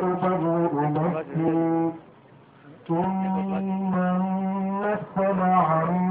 فهو مكذوب ثم انفض عن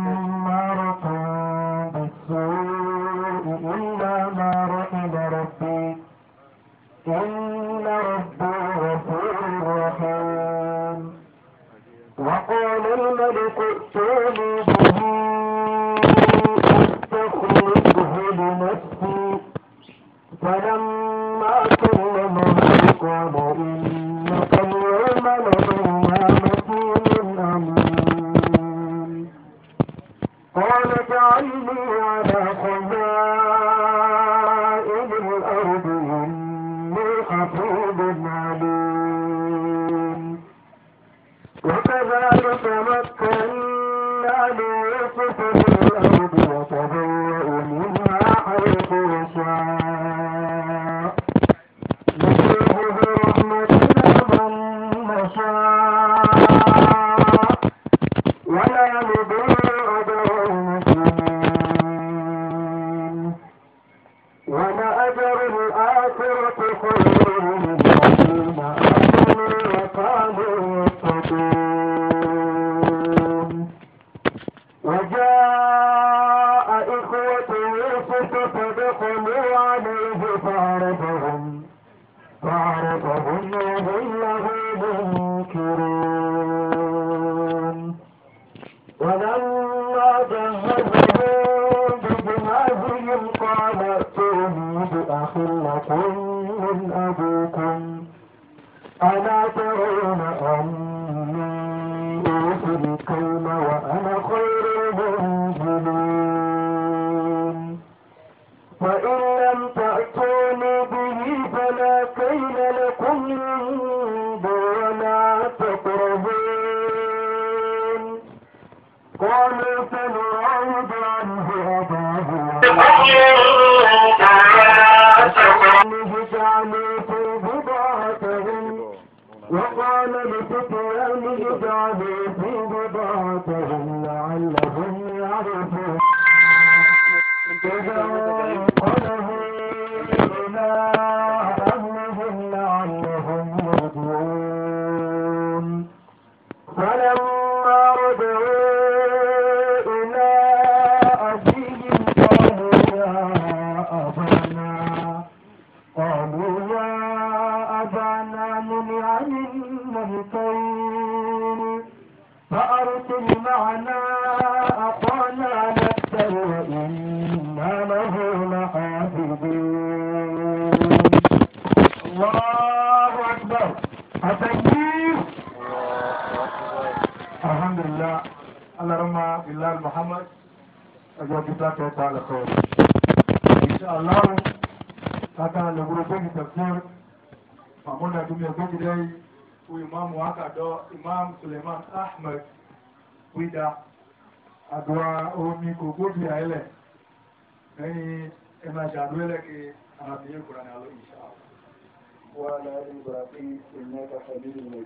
تتأمد عليهم بعضهم لعلهم يعرفون gbígba àdúrà omi kò gbóbi àìlẹ̀ lẹ́yìn ẹmà ìṣàdúrà lẹ́kẹ́ àmàbí ìkùrà ní àlọ́ ìṣà wà láàrin ìgbà ní káàkiri ohun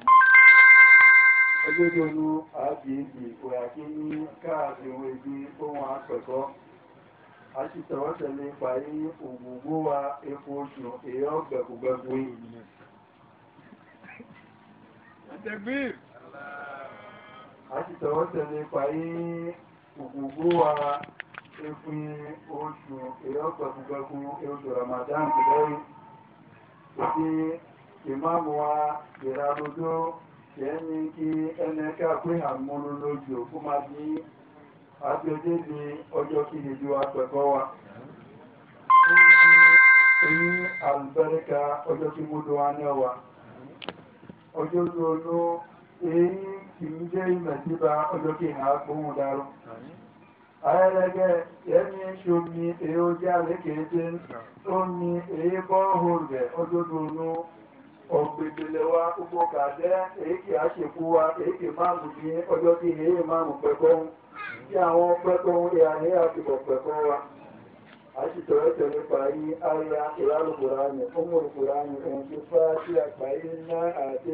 ìbí ohun àpẹ̀kọ́ a sì tẹ̀wọ́tẹ̀lé parí ògbògbó wa epo oṣù èyọ́ gbẹ̀kùgbẹ̀kù yìí àti tọwọ́tẹ̀lé payé ògùngbó wa efu oṣù ìrọ́pọ̀ gbogbo oṣù Ramadan lẹ́yìn òsì ìmáàmù wa ìrarojó kẹ́ni kí ẹnẹ́ká pé àmúlò lójú òkú máa di àjọjé ní ọjọ́ kìí ju apẹ̀kọ́ wa ní àlùbẹ́rẹ́ka ọjọ́ kí múlò wa náà wa ọjọ́ lóòlóò èyí kì í jẹ́ ìmẹ̀ tí bá ọjọ́ kí ìhà gbóhùn dáró ayẹ́lẹ́gẹ́ ẹni ṣomi èyí ó jẹ́ àlékèéjẹ́ ó ní èyí bọ́ọ̀hù rẹ̀ ọdọ́dọ́nú ọ̀gbẹ̀gbẹ̀lẹ̀wà gbogbo kàdẹ́ èyí kì á ṣe wa èyí kì máa mú ní ọjọ́ kí èyí máa mú pẹ̀kọ́hún wa àṣìṣọ́ ẹ̀tẹ̀ nípa yí ó mú sí àgbáyé ná àti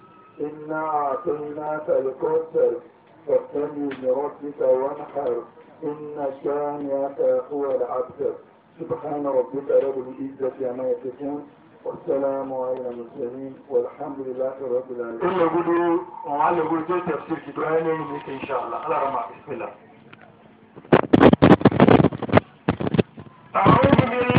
إنا أعطيناك الكوثر فاستني لربك وانحر إن شانئك هو العبد سبحان ربك رب العزة عما يصفون والسلام على المرسلين والحمد لله رب العالمين. إلا قولوا وعلى قولوا تفسير كتباني إن شاء الله على رمى بسم الله. أعوذ بالله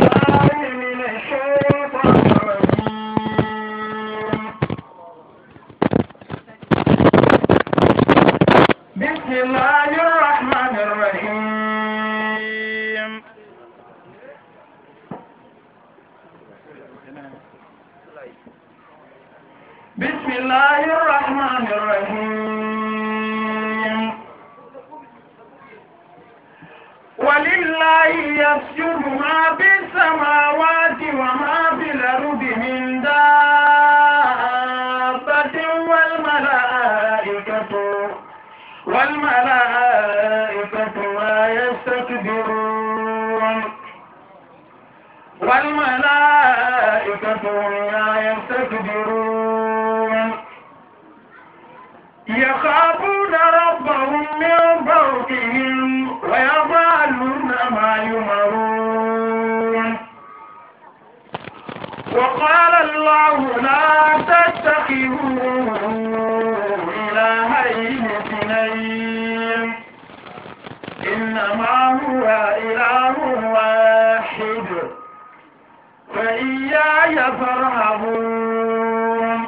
تفرحون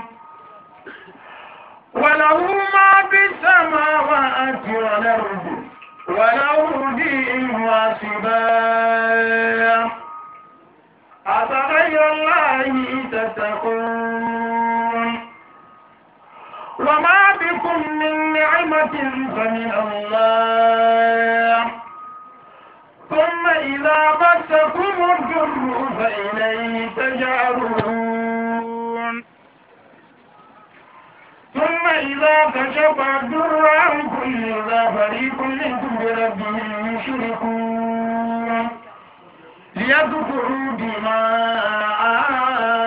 وله ما في السماوات والأرض وله دين واسبا أفغير الله تتقون وما بكم من نعمة فمن الله ثم إذا مسكم الضر فإليه تجارون ثم إذا كشف الضر عن كل إذا فريق منكم بربهم يشركون ليكفروا بما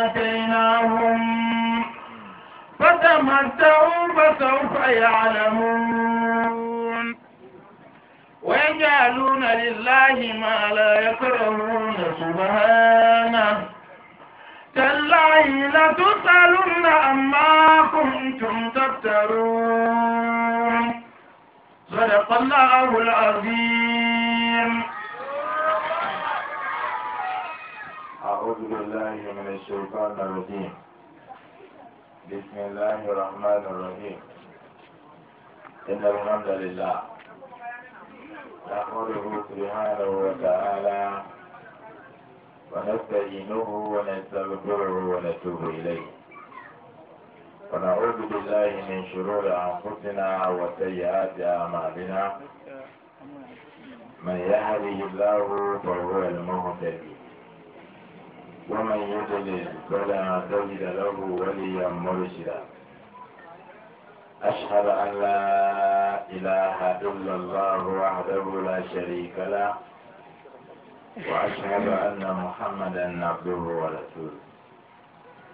آتيناهم فتمتعوا فسوف يعلمون ويجعلون لله ما لا يكرهون سبحانه تالله لتسألن عما كنتم تفترون صدق الله العظيم أعوذ بالله من الشيطان الرجيم بسم الله الرحمن الرحيم إن الحمد لله نحمده سبحانه وتعالى ونستعينه ونستغفره ونتوب إليه ونعوذ بالله من شرور أنفسنا وسيئات أعمالنا من يهده الله فهو المهتدي ومن يضلل فلا تجد له وليا مرشدا أشهد أن لا إله إلا الله وحده لا شريك له وأشهد أن محمدا عبده ورسوله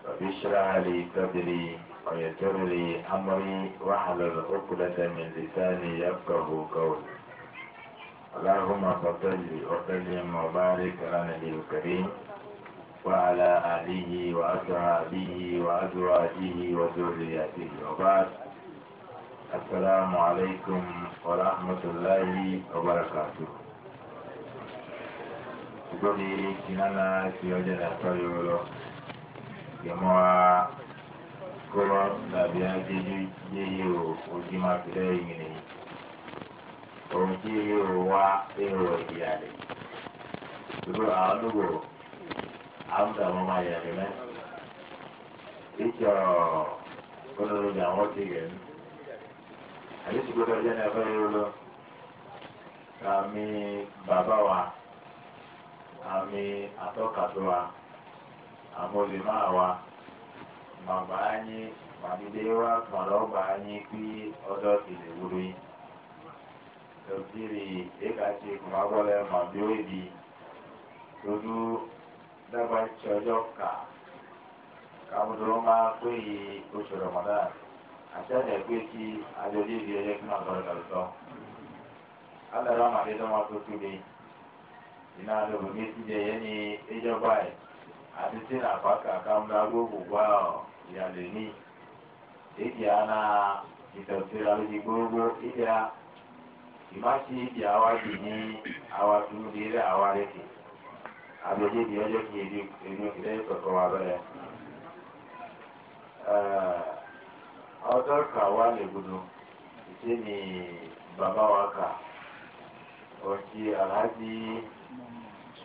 رب لي صدري ويسر لي أمري واحلل عقدة من لساني يفقه قولي اللهم صل وسلم وبارك على النبي الكريم وعلى آله وأصحابه وأزواجه وذريته وبعد السلام عليكم ورحمة الله وبركاته gbogbo ìsinana ti ọjọ́ ìdàpọ̀ yóò lọ ìmọ̀ kọ́rọ́ tàbí ajéjú yéye o ojú máa fi lẹ́yìn nìyí òun tí yéye o wá èrò ìyá rẹ̀ gbogbo àwọn lóko àwọn tàbí ọmọ ìjọ kọ́lọ́lọ́jà wọ́n ti rẹ̀ àyèsí gbọ́dọ̀ jẹ́ ní abẹ́rẹ́ lọ àmì bàbá wa àmì àtọ́kàtọ́ wa àmì olèmọ́ wa màmá yín màmídé wa màlọ́gbà yín pé ọdọ́ ti lè wúlò yín lọ́sírì ẹ̀ka ti kùmàgbọ́lẹ̀ màmí òbí lójú dábàá ìṣọjọ́ kà kàmùdúró máa pé oṣù rọ̀mọ́dáàtì. àṣàjẹ pé kí àjọyé di ẹyẹ fún àgbàdo àlùsọ alẹ́rọ àmàlẹ́ lọ́wọ́ tó tóbi iná lóbi ní ti jẹ yẹn ní ẹjọba ẹ̀ àti tí nàfà gbogbo gbà ọ ìyàlẹ̀ ní èdè àná ìtọ̀síra lójú gbogbo ìdá ìmáṣí ìdí ní tọ̀tọ̀ wà ọjọ́ kàwá lè gbọdọ̀ ṣe ni Baba wa kà ọtí alhaji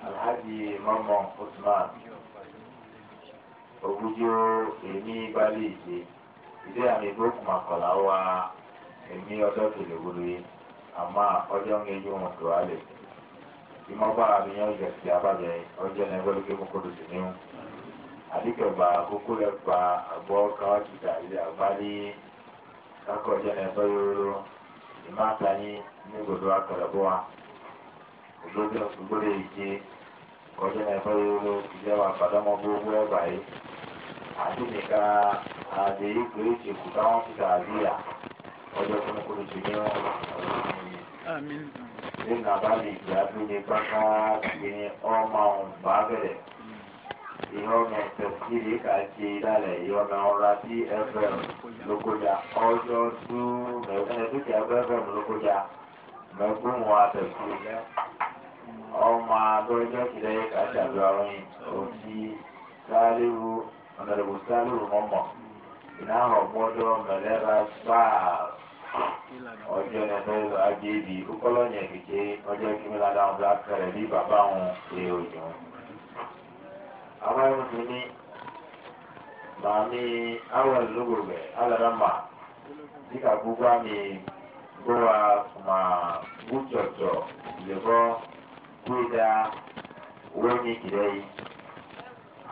alhaji mọmọ usman ogúnjọ èmi balẹ̀ ìṣe ìdí àmì ìgbókùn àkọlà wa èmi ọjọ́ kìlẹ̀ gbọdọ̀ yìí àmọ́ ọjọ́ ń yẹjú wọn tó wálé ìmọ̀ bá àbíyàn ìjẹ̀sí abájẹ ọjọ́ ní ẹgbẹ́ lókè kókó lóṣù níwọ̀n alikɛ ba koko lɛ ba agbɔ kawa kita yi agba ni kakɔjɛ nɛ fɛ yoro ima ta ni ne godo akɛlɛ bɔ wa ogbode ogbode yi dze kɔjɛ nɛ fɛ yoro yɛ wa gbadɔmɔ gbogbo ɛgba yi ati ni ka adi yi kpe tse ku kawa kita yi ya ɔjɛ kunu kunu tse ni ɔlɔdi ni na ba li gba bi ni kpakpa bi ni ɔma ɔn ba bɛrɛ ìyọ́nà tẹ̀síìrì kàkí ìdálẹ̀ ìyọ́nà ọ̀rá sí fm lókojá ọjọ́ tún mẹ́fẹ́ dúkìá fm lókojá mẹ́gbóhùn àtẹ̀síìrì lẹ́ ọmọ adọ́jọ́ kìlẹ̀ kàkí àdúràwìn òtí sáléwu ọ̀nàdẹ̀bù sáléwu mọ́mọ́ ìnáhà ọ̀gbọ́dọ̀ mẹ́lẹ́ra sáà ọjọ́ ẹ̀fẹ́ ajé ibi kókọ́lọ́ yẹn kìkì ọjọ́ kí mi ládàá ọ̀dọ́ akẹ́rẹ́ bí bàbá wọn ṣe òjò akwai musulmi ba mi awal lugurbe alaramba dika gugwa mi gowa kuma gucocco lebo kuida wani kidai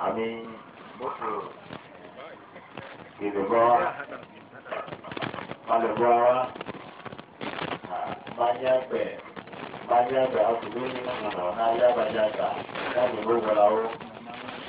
ami mutu lebo malebowa banyagbe banyagbe akuluni nana n'aya banyagba n'ani gbogbo la wo.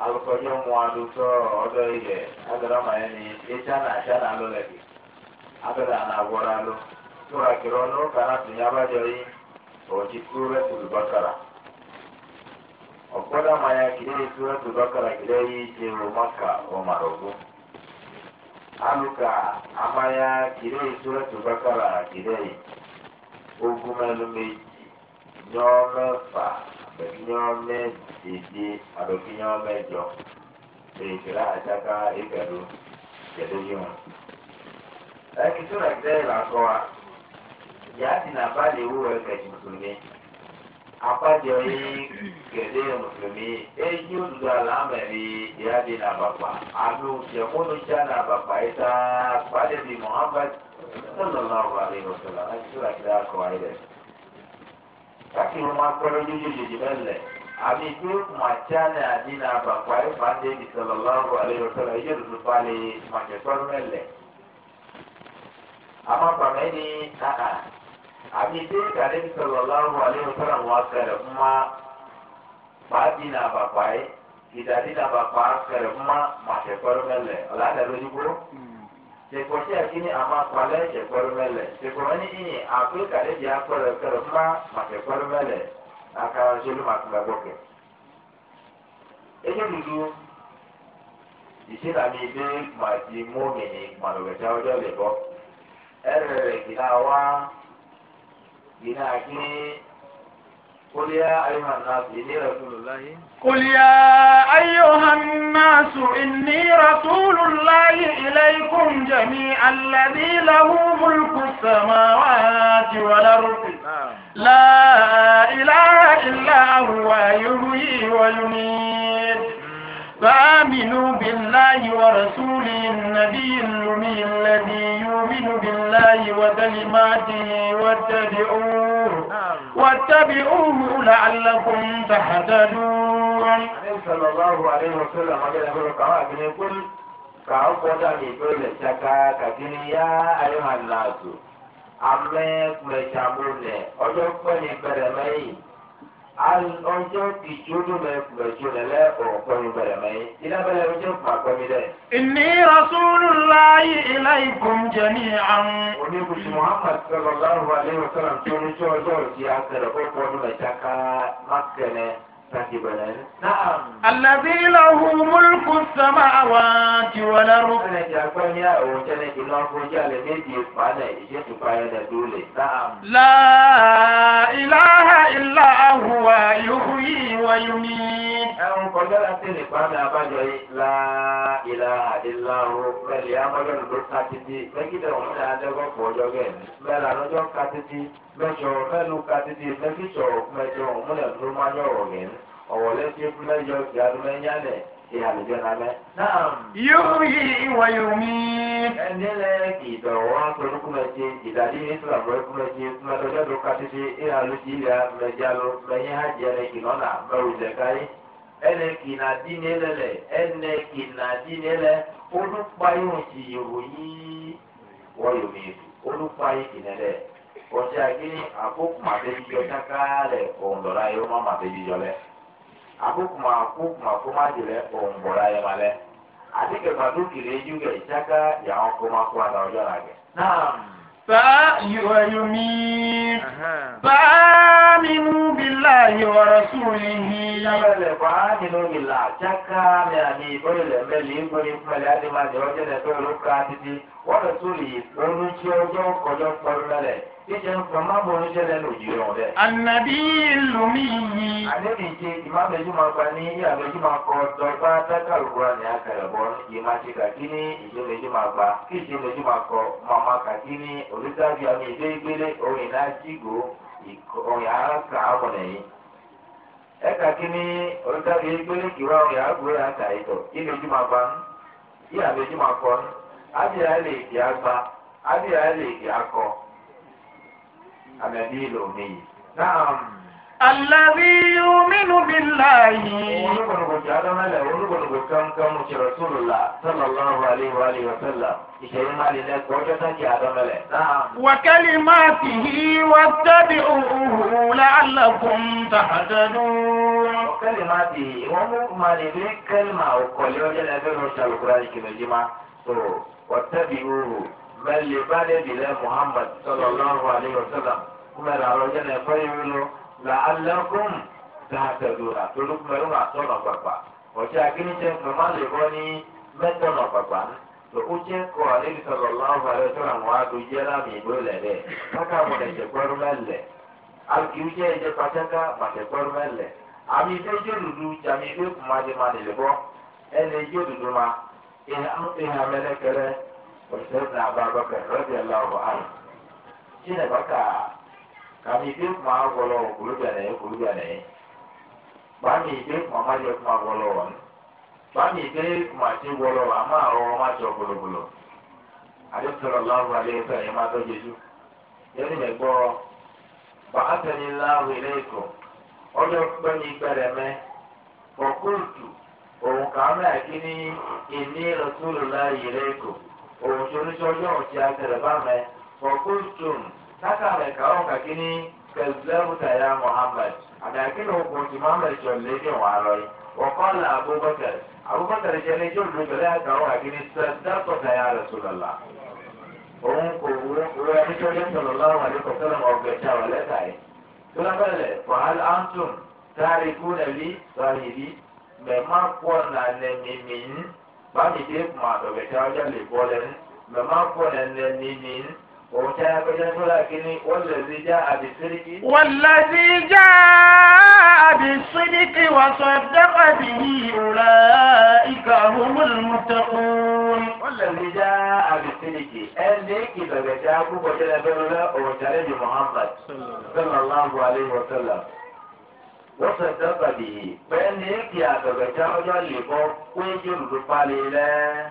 alụkọ ihe mmụọ tụọ ọdọ ihe agara ma ya n'ihe echa na acha na alụ lagi agara na agwọrọ alụ tụrụ akịrị ọnụ ụka na tụnye abajọghị oji kuru retụrụ bakara ọkpọda ma ya gide etu retụrụ bakara gide ya ije maka ọmara ogbu alụka ama ya gide etu retụrụ bakara gide ogun melu meji nyọ mẹfa kínyɔn mɛ didi alo kínyɔn mɛ dzɔ eye kele atsaka eke do dzeɖo yi mo ekito le ɛgbɛ la kɔa yaasi na ba le wu ɛkɛ musulumi akpadze yi gɛdɛ musulumi eyi odudu alama yi yaadi na abakpa alo yɛmunu tsa na abakpa yi taa kpa de bi muhammad sɔlɔ lɔrɔ ale yi wosɔlɔ ekito le ɛgbɛ la kɔa yi lɛ kaki ma kɔrɔ yeyeyeye bɛ lɛ ami ke kuma ca ne adina bakpa ye fa de bi sɔlɔlɔrɔ ale yɔ sɔlɔ iye dudu ba le kuma cɛ sɔrɔ mɛ lɛ ama kpamɛ ni aa ami de ka de bi sɔlɔlɔrɔ ale yɔ sɔlɔ wa fɛrɛ kuma fa dina bakpa ye kita dina bakpa fɛrɛ kuma ma cɛ sɔrɔ mɛ sekɔsi akini ama kpalɛ sekɔlɔ mɛ lɛ sekɔmɛni inyi afrika le di akpɛlɛ kɛlɛ fa ma sekɔlɔ mɛ lɛ aka zolu ma kuma gbɔ kɛ edududu isi na mi be ma di mo mini ma lɔbɛtɛ ɔjɔ le bɔ ɛrɛ gina wa gina akini قل يا أيها الناس إني رسول الله إليكم جميعا الذي له ملك السماوات والأرض نعم. لا إله إلا هو يحيي ويميت فآمنوا بالله ورسوله النبي الأمي الذي يؤمن بالله وكلماته واتبعوه واتبعوه لعلكم تهتدون. صلى الله عليه وسلم يقول kàwọn kọjá mi tó lè ṣaka kàkiri yá ayéhàn náà tó amẹ́ kúrẹ́ṣàmúlẹ̀ ọjọ́ pẹ́ẹ́lí bẹ̀rẹ̀ mẹ́yìn ọjọ́ ìjọ́dún lẹ gbẹ̀jọ́ lẹ lẹ ọ̀pọ̀ mi bẹ̀rẹ̀ mẹ́yìn. iná bẹ̀rẹ̀ mi jẹ́ pàpọ̀ mi dẹ̀. inni rasulullahi ilaykum jami'an. oníbùsù muhammad sallallahu alayhi wa sallam tó ní ọjọ́ ìdí àtẹ̀rẹ̀ ọ̀pọ̀ ọdún mẹ́ta ká má kẹ́lẹ́. طيب نعم الذي له ملك السماوات والارض نعم. لا اله الا هو يحيي ويميت ẹ̀rùn kọjá láti nìkan ní abájọ yìí la ìlà ìlàrú bẹ́ẹ̀lì amọ́jọ́ ló ká títí lẹ́gídẹ̀ òun ní adẹ́gọ́pọ̀ ọjọ́ gẹ̀ bẹ́ẹ̀lì àlọ́jọ́ ká títí mẹ́jọ mẹ́nu ká títí lẹ́gíṣọ̀ mẹ́jọ òun lẹ̀ ló má yọ̀ ọ̀rọ̀ gẹ̀ ọ̀wọ́lẹ́ tí mẹ́jọ ìyàdú mẹ́yálẹ̀ ìyàlùjọ nàmẹ́. yóò yí ìwà yóò mí. ẹni lẹ kì í dọ̀rọ̀ wọn sọ̀rọ̀ kúmẹ̀jẹ ìdàdí ìtura bọ̀ kúmẹ̀jẹ kúmẹ̀jọ lọ́dún ká títí ìhàlùjì ìlà mẹ́jálù mẹ́yìn hajjẹ́rẹ́ ìlọ́nà mẹ́rù jẹ̀káyé. ene kina dinelele ene kina dinele olukpayi oti yoroyi wọyomedu kinele ọtí akini akókùmá abẹ́jíjọ takalẹ̀ ọ̀ǹdọ̀ra yẹ ọmọ abẹ́jíjọ lẹ akókùmá akókùmá kọ́májì lẹ ọ̀ǹbọ̀ra yẹ ma lẹ àti kẹfà dúkìrì ẹjú kẹ ìtsaka yà wọn kó àtàwọn náà. فأحيي ويميت فآمنوا بالله ورسوله فآمنوا بالله شكا يعني يقول الأمل يقول يقول هذه ما جوجد يقول لك ورسوله ونشي وجوك وجوك وجوك jíjẹ ń pọn má bọ̀ oníṣẹ́ lẹ́nu òjì rọ̀ dẹ̀. ànàbí lómi yìí. àdébì ṣe ìmáàbẹ̀jú máa gba ní ìyàbẹ̀jú máa kọ dọ́gba tẹ́tà lùkúrà ní akẹrẹ̀bọ ìmáṣe ní máa gba kí máa kọ ní olùdájú àmì ìdé orin náà jígò ẹ ní olùdájú máa gba الذي يؤمن نعم الذي يؤمن بالله وكلماته واتبعوه لعلكم تهتدون وكلماته وما لديك كلمة وكل وجل أبيه رسال القرآن كما واتبعوه بل لبالي بلا محمد صلى الله عليه وسلم kumẹrẹ arọ yẹn lẹ fọ yẹn lọ là alẹkùn dàtẹlú àtọlù kumẹrẹ wà tọnà gbàgbà ọjọ akínníjẹ mọmọ lè bọ ní mẹtọnà gbàgbà tó o jẹ kọ níbi sọlọ lọwọ rẹ tó àwọn àdó yẹra mi ìlú lẹ dẹ káka mo lè jẹ gbọrú mẹlẹ alùpùpù jẹ ẹjẹ pàtẹkà màtẹ gbọrú mẹlẹ àmì ìfẹ jẹ dúdú jàmì ìfẹ kùmàdé má lè lè bọ ẹnì jẹ dúdú ma ìhà mẹlẹkẹrẹ òṣèlú nàbà bàbà rẹ bí ẹ àná. kàmi ìdí kuma wọlọ kulubi àná yẹ kulubi àná yẹ bàmí ìdí kuma má yẹ kuma wọlọ wọn bàmí ìdí kuma ti wọlọ àmọ́ àwọn ọmọ àti ọgbọlọgbọlọ àti sọlọ lọrùn àti ẹsẹ yẹn má tọjú jù yẹn lè gbọ́ bàtẹni láwùí lẹkọ ọjọ́ mẹ òun ìní òun tó ní sọjọ ọtí àtẹrẹ bá mẹ saka mai kawo ka kini kazzabuta ya muhammad adakin hukunci muhammad shallekin walai wa qala abubakar abubakar jẹni tí olùdókòlè àkàwọn àgbẹni sàdákọta ya rasulala òun kò wúwo ẹni tí olùdókòlè sallallahu alaihi wasallam ọgbẹta ọlẹta yìí tólabẹlẹ fàhál antum tààrí kúnẹlí sàhìrí mẹmà pọ nànẹmìmìn bámi dé kùmà ọgbẹta ọjà lè bọ lẹnu mẹmà pọ nànẹmìmìn. والذي جاء بالصدق وصدق به أولئك هم المتقون والذي جاء بالصدق أنك بغتاك وجل بلولا وجل محمد صلى الله عليه وسلم وصدق به فأنك يا بغتاك وجل لقوة وجل رفالي له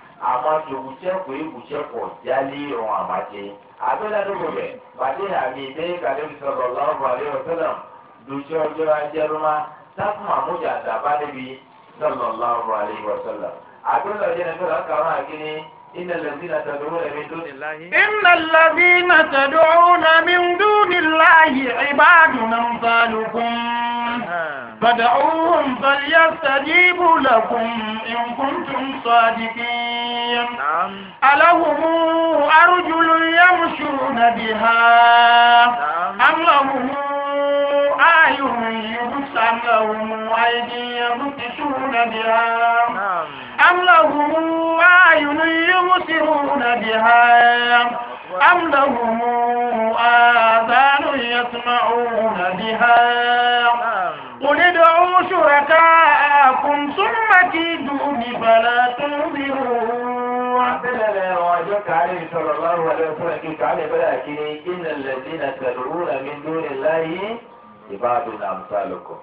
amake wutsɛkɔ ye wutsɛkɔ jali ɔn amake abela dogo bɛ bade ami de kale bisɔrɔ lɔrɔ ale yɔ sɛlɛm dutsɛ ɔjɔra jɛruma takuma muja daba de bi sɔrɔ lɔrɔ ale yɔ sɛlɛm abela jɛnɛ sɔrɔ إن الذين تدعون من دون الله إن الذين تدعون من دون الله عباد أمثالكم فدعوهم فليستجيبوا لكم إن كنتم صادقين ألهم أرجل يمشون بها أم لهم أعين يبصم لهم أيدي يبطشون بها أم لهم أعين يبصرون بها أم لهم آذان يسمعون بها قل ادعوا شركاءكم ثم كيدوني فلا تنظرون wọn. abẹ́rẹ́ wọn ọjọ́ kárí sọ̀rọ̀ lọ́rùn wọlé fún ẹ̀kí káálẹ̀ bẹ́rẹ̀ kí iná lẹ́dí na tẹ̀lú rẹ̀mí lórí láyé ìbáàdùn náà mú sálùkù.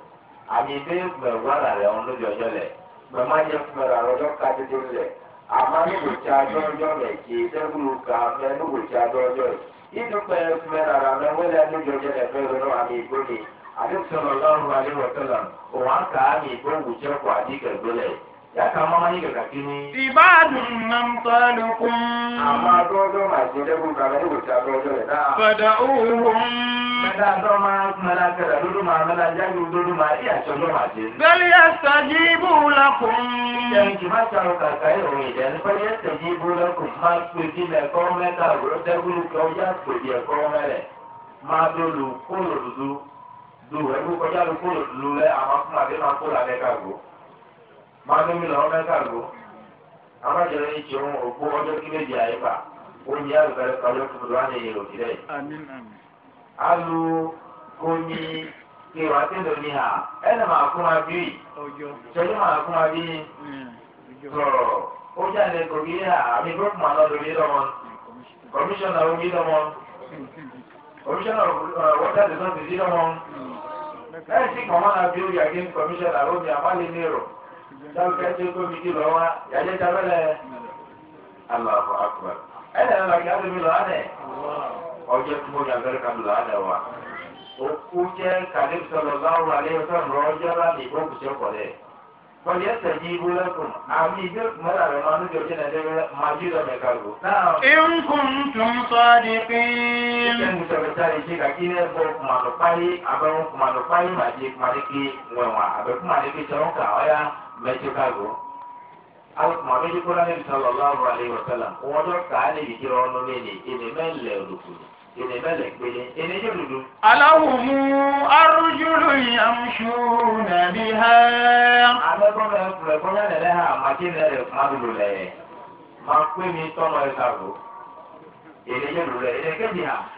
àmì ìdí gbẹ̀rù ara rẹ̀ ń lójú ọjọ́ lẹ̀ gbẹ̀mọ́ jẹ́ gbẹ̀rù ara ọjọ́ ká dídí lẹ̀ àmọ́ nígbòtí adó ọjọ́ lẹ̀ kì í sẹ́gun kà mẹ́ nígbòtí adó ọjọ́ yìí. ìdúpẹ́ gbẹ̀rù ara mẹ́ wẹ́lẹ́ lójú ọjọ́ lẹ̀ fẹ́ àdìsọ̀rọ̀ lọ́rùn alẹ́ wọ̀tọ́lá òun á kà á ní yàtọ̀ ọmọ yín kàkà kí ni. ìbáàdùn máa ń tọ́ lókun. àmọ́ adúlọ́dọ́ máa ṣe dẹ́kun kan ní ìwòsàn adúlọ́dọ́ rẹ̀ náà. fọdà òhun. mẹ́ta àtọ́ máa ń mẹ́ta kẹrẹ̀ lódú máa mẹ́ta jáde lódú máa rí àṣọ ló máa ṣe. bẹ́ẹ̀ni ẹ̀sọ́ jí ibú lakùn. ìjẹun kì máa ṣàrò kàkà ìròyìn ìdẹ́ni pẹ́ẹ́ni ẹ̀sọ́ jí ibú lakùn máa pè sí ẹ̀kọ́ mẹ́ta òwúrọ̀ dẹ́kun manumi la wọn mẹ́ta lò àwọn àjọyọ yìí ti ń ògbó ọjọ́ àyíká oyin alùpàdé ní alu ní ha máa kún máa kún ó ha àmì gbọ́dọ̀ máa lọ́wọ́ lọ́wọ́ wọ́tà tẹ̀sán lọ́wọ́ ẹ̀ sì na bí ó yàgé kọmíṣánná omi àmàlẹ́ ní sáwùkẹ́ tó kó mi dì lọ wá yàjẹ́ tábẹ́lẹ̀ aláàbò akọ̀rọ̀ ẹ̀ lẹ́nu lọ́kì adùnmí lọ́wọ́ dẹ̀ ọjọ́ tó mọ̀ ní abẹ́rẹ́ka mi lọ́wọ́ dẹ̀ wá òkú jẹ́ kàdébù sọ̀rọ̀ lọ́wọ́ alẹ́ ọ̀sán rọ́jọ́ láti ìgbókùsọ̀ kọ̀ dẹ̀ wọ́n yẹ sẹ́yìn ibú lẹ́kùn àmì ìgbé mọ́ra rẹ̀ máa ń lójú ọjọ́ náà lẹ́wọ́ máa yí lọ mẹ́ka lò. ìrùkùn tún sọ di pín. ìṣe ń sọ̀rọ̀ sáré ṣe kàkí ní ẹ̀bọ̀ kùmàlùpáyé abẹ́wọ̀n kùmàlùpáyé màdé kùmàlùkì wẹ̀wọ̀n àbẹ̀kùmàlùkì sọ̀rọ̀ kà ọ́yá bẹ Chicago àwọn méjì kúrò ní sallallahu alaihi wasallam wọn lọ kà á lè yí kí wọn lọ lé èdè mẹlẹ olùkù èdè mẹlẹ pélé èdè yóò dúdú. aláwùmú arúgbó yamṣu nàbí ha. abẹ́kọ̀ọ́ rẹ̀ fúlẹ̀ kọ́nyá lẹ́lẹ́ hàn máa kí lẹ́rẹ̀ fún àdúgbò lẹ̀ máa pé mi tọ́nà ẹ̀ sàrò.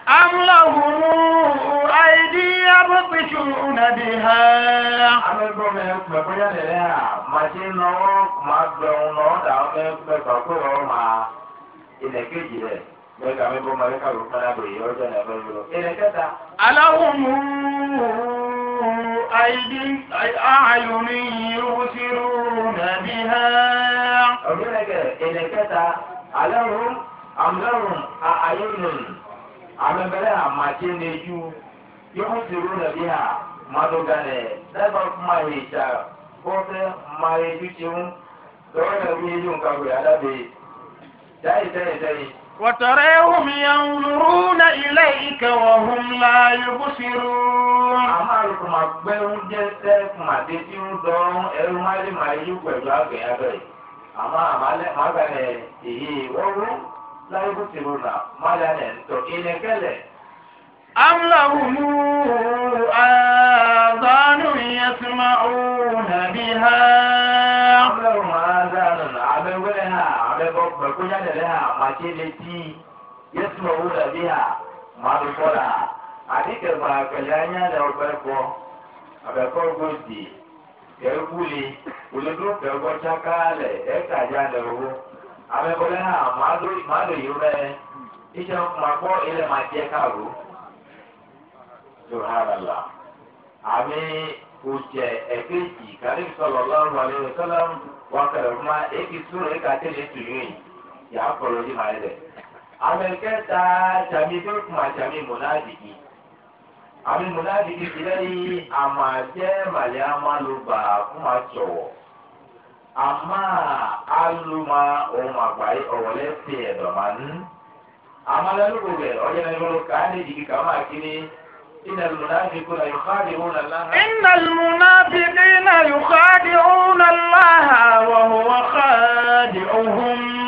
أم لهم أيدي يبطشون بها ألهم أيدي أعين يبصرون بها ألهم amlarun a ayinun amebere a mace neju yóò ti ru nàbí a madogane kuma hìjà kófẹ́ ma yẹjú tiwọn lọ́wọ́ nàbí yẹjú nǹkan kò yàrá bẹ́ẹ̀ dáì dáì dáì. وتراهم ينظرون إليك وهم لا يبصرون. أما لا يبصرون مللا تقيلكلا أم لهم آذان يسمعون بها أم لهم آذان عبوها عبوها كنا لها ما كيلتي يسمعون بها ما بقولها àdìgẹ máa kẹlẹ anyalẹ ọgbẹ gbọ abẹkọ gbòdì kẹwúlì olùdókè ọgbọ tsakalẹ ẹka yalẹ owó amekɔlɛ hã maa do maa do yiwo lɛ itsɛ maa kpɔ ilẹ̀ maa tiɛ kaaru subhanala ami otsɛ ɛkeji karibi sɔlɔ lɔri wale sɔlɔ wakɛlɛ kuma eki suru eka tele tu yi ya kɔlɔ di ma yi lɛ amɛkɛ taa tsami tó kuma tsami muna digi ami muna digi ti lɛ yi ama jɛ mali ama lu amma aluma oma gbai owole tie do man amala lugo be oje na lugo kani digi kama akini إن المنافقين يخادعون الله إن المنافقين يخادعون الله وهو خادعهم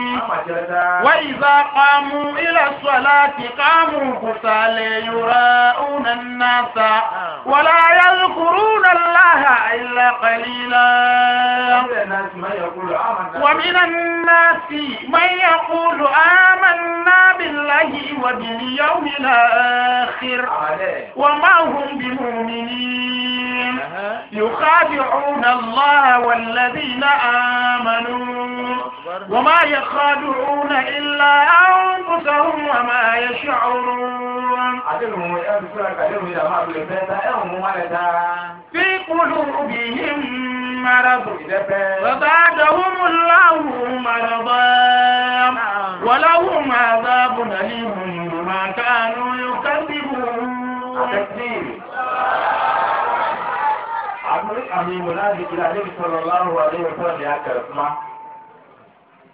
وإذا قاموا إلى الصلاة قاموا قتال يراؤون الناس ولا يذكرون الله إلا قليلا ومن الناس من يقول آمنا بالله وباليوم الآخر وما هم بمؤمنين يخادعون الله والذين آمنوا وما يخادعون يضرون إلا أنفسهم وما يشعرون في قلوبهم مرض فزادهم الله مرضا ولهم عذاب أليم بما كانوا يكذبون àmì ìmọ̀lá àdìgbìlá àdìgbìsọ̀rọ̀ láwùrọ̀ àdìgbìsọ̀rọ̀ ni a kẹrẹ̀ fún wa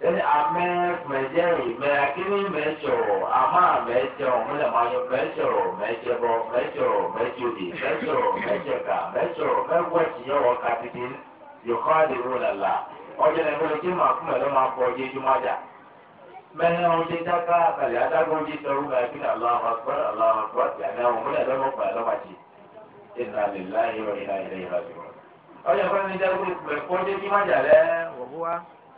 ɛni amɛ mɛdze mɛ akele mɛtsɔ ama mɛtsɛ ɔmɛlɛ mayɔ mɛtsɔ mɛtsɛ bɔ mɛtsɔ mɛtsɛ odi mɛtsɔ mɛtsɛ ka mɛtsɔ mɛwɛ tsi yɛ wɔ katiti yɔkɔ adi wo la la ɔdi lɛ wɛrɛ tsi ma kumɛ lɛ ma kpɔ ɔdi edu ma dza mɛ ɔdi daka kali adago ɔdi tɔwu mɛ akele ala ma kpɔ ala ma kpɔ ti anɛ ɔmɛlɛ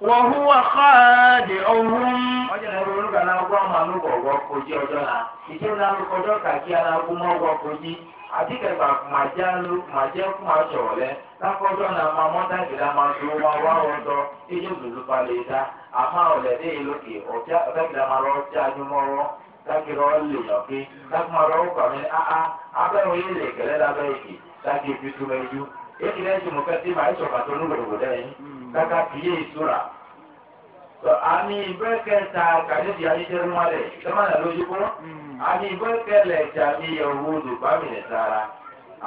wọ̀húwà káàdì ọ̀hún. ọjọ́ náà ronú kan náà ma máa ló bọ̀ wọ́ kojú ọjọ́ náà ìṣe náà ló kọjọ́ kàkí ara kó mọ́ wọ́ kojú àti kẹfà màjá ló màjá kó máa sọ̀rọ̀ lẹ lákọjọ́ náà máa mọ́ dágìlá máa tó wá wá ọjọ́ ijó lùlù balẹ̀ dá àmọ́ ọ̀lẹ́dẹ́ yìí lókè ọ̀já máa lọ kaka kìí ìtura àmì ìbẹ́kẹta kàdéjì ayédèrúmọ́lẹ̀ sẹ́mọ́nà lójú kúrọ́ àmì ìbẹ́kẹlẹ̀ jàmí ẹ̀wọ́ dùbámìlẹ̀ sára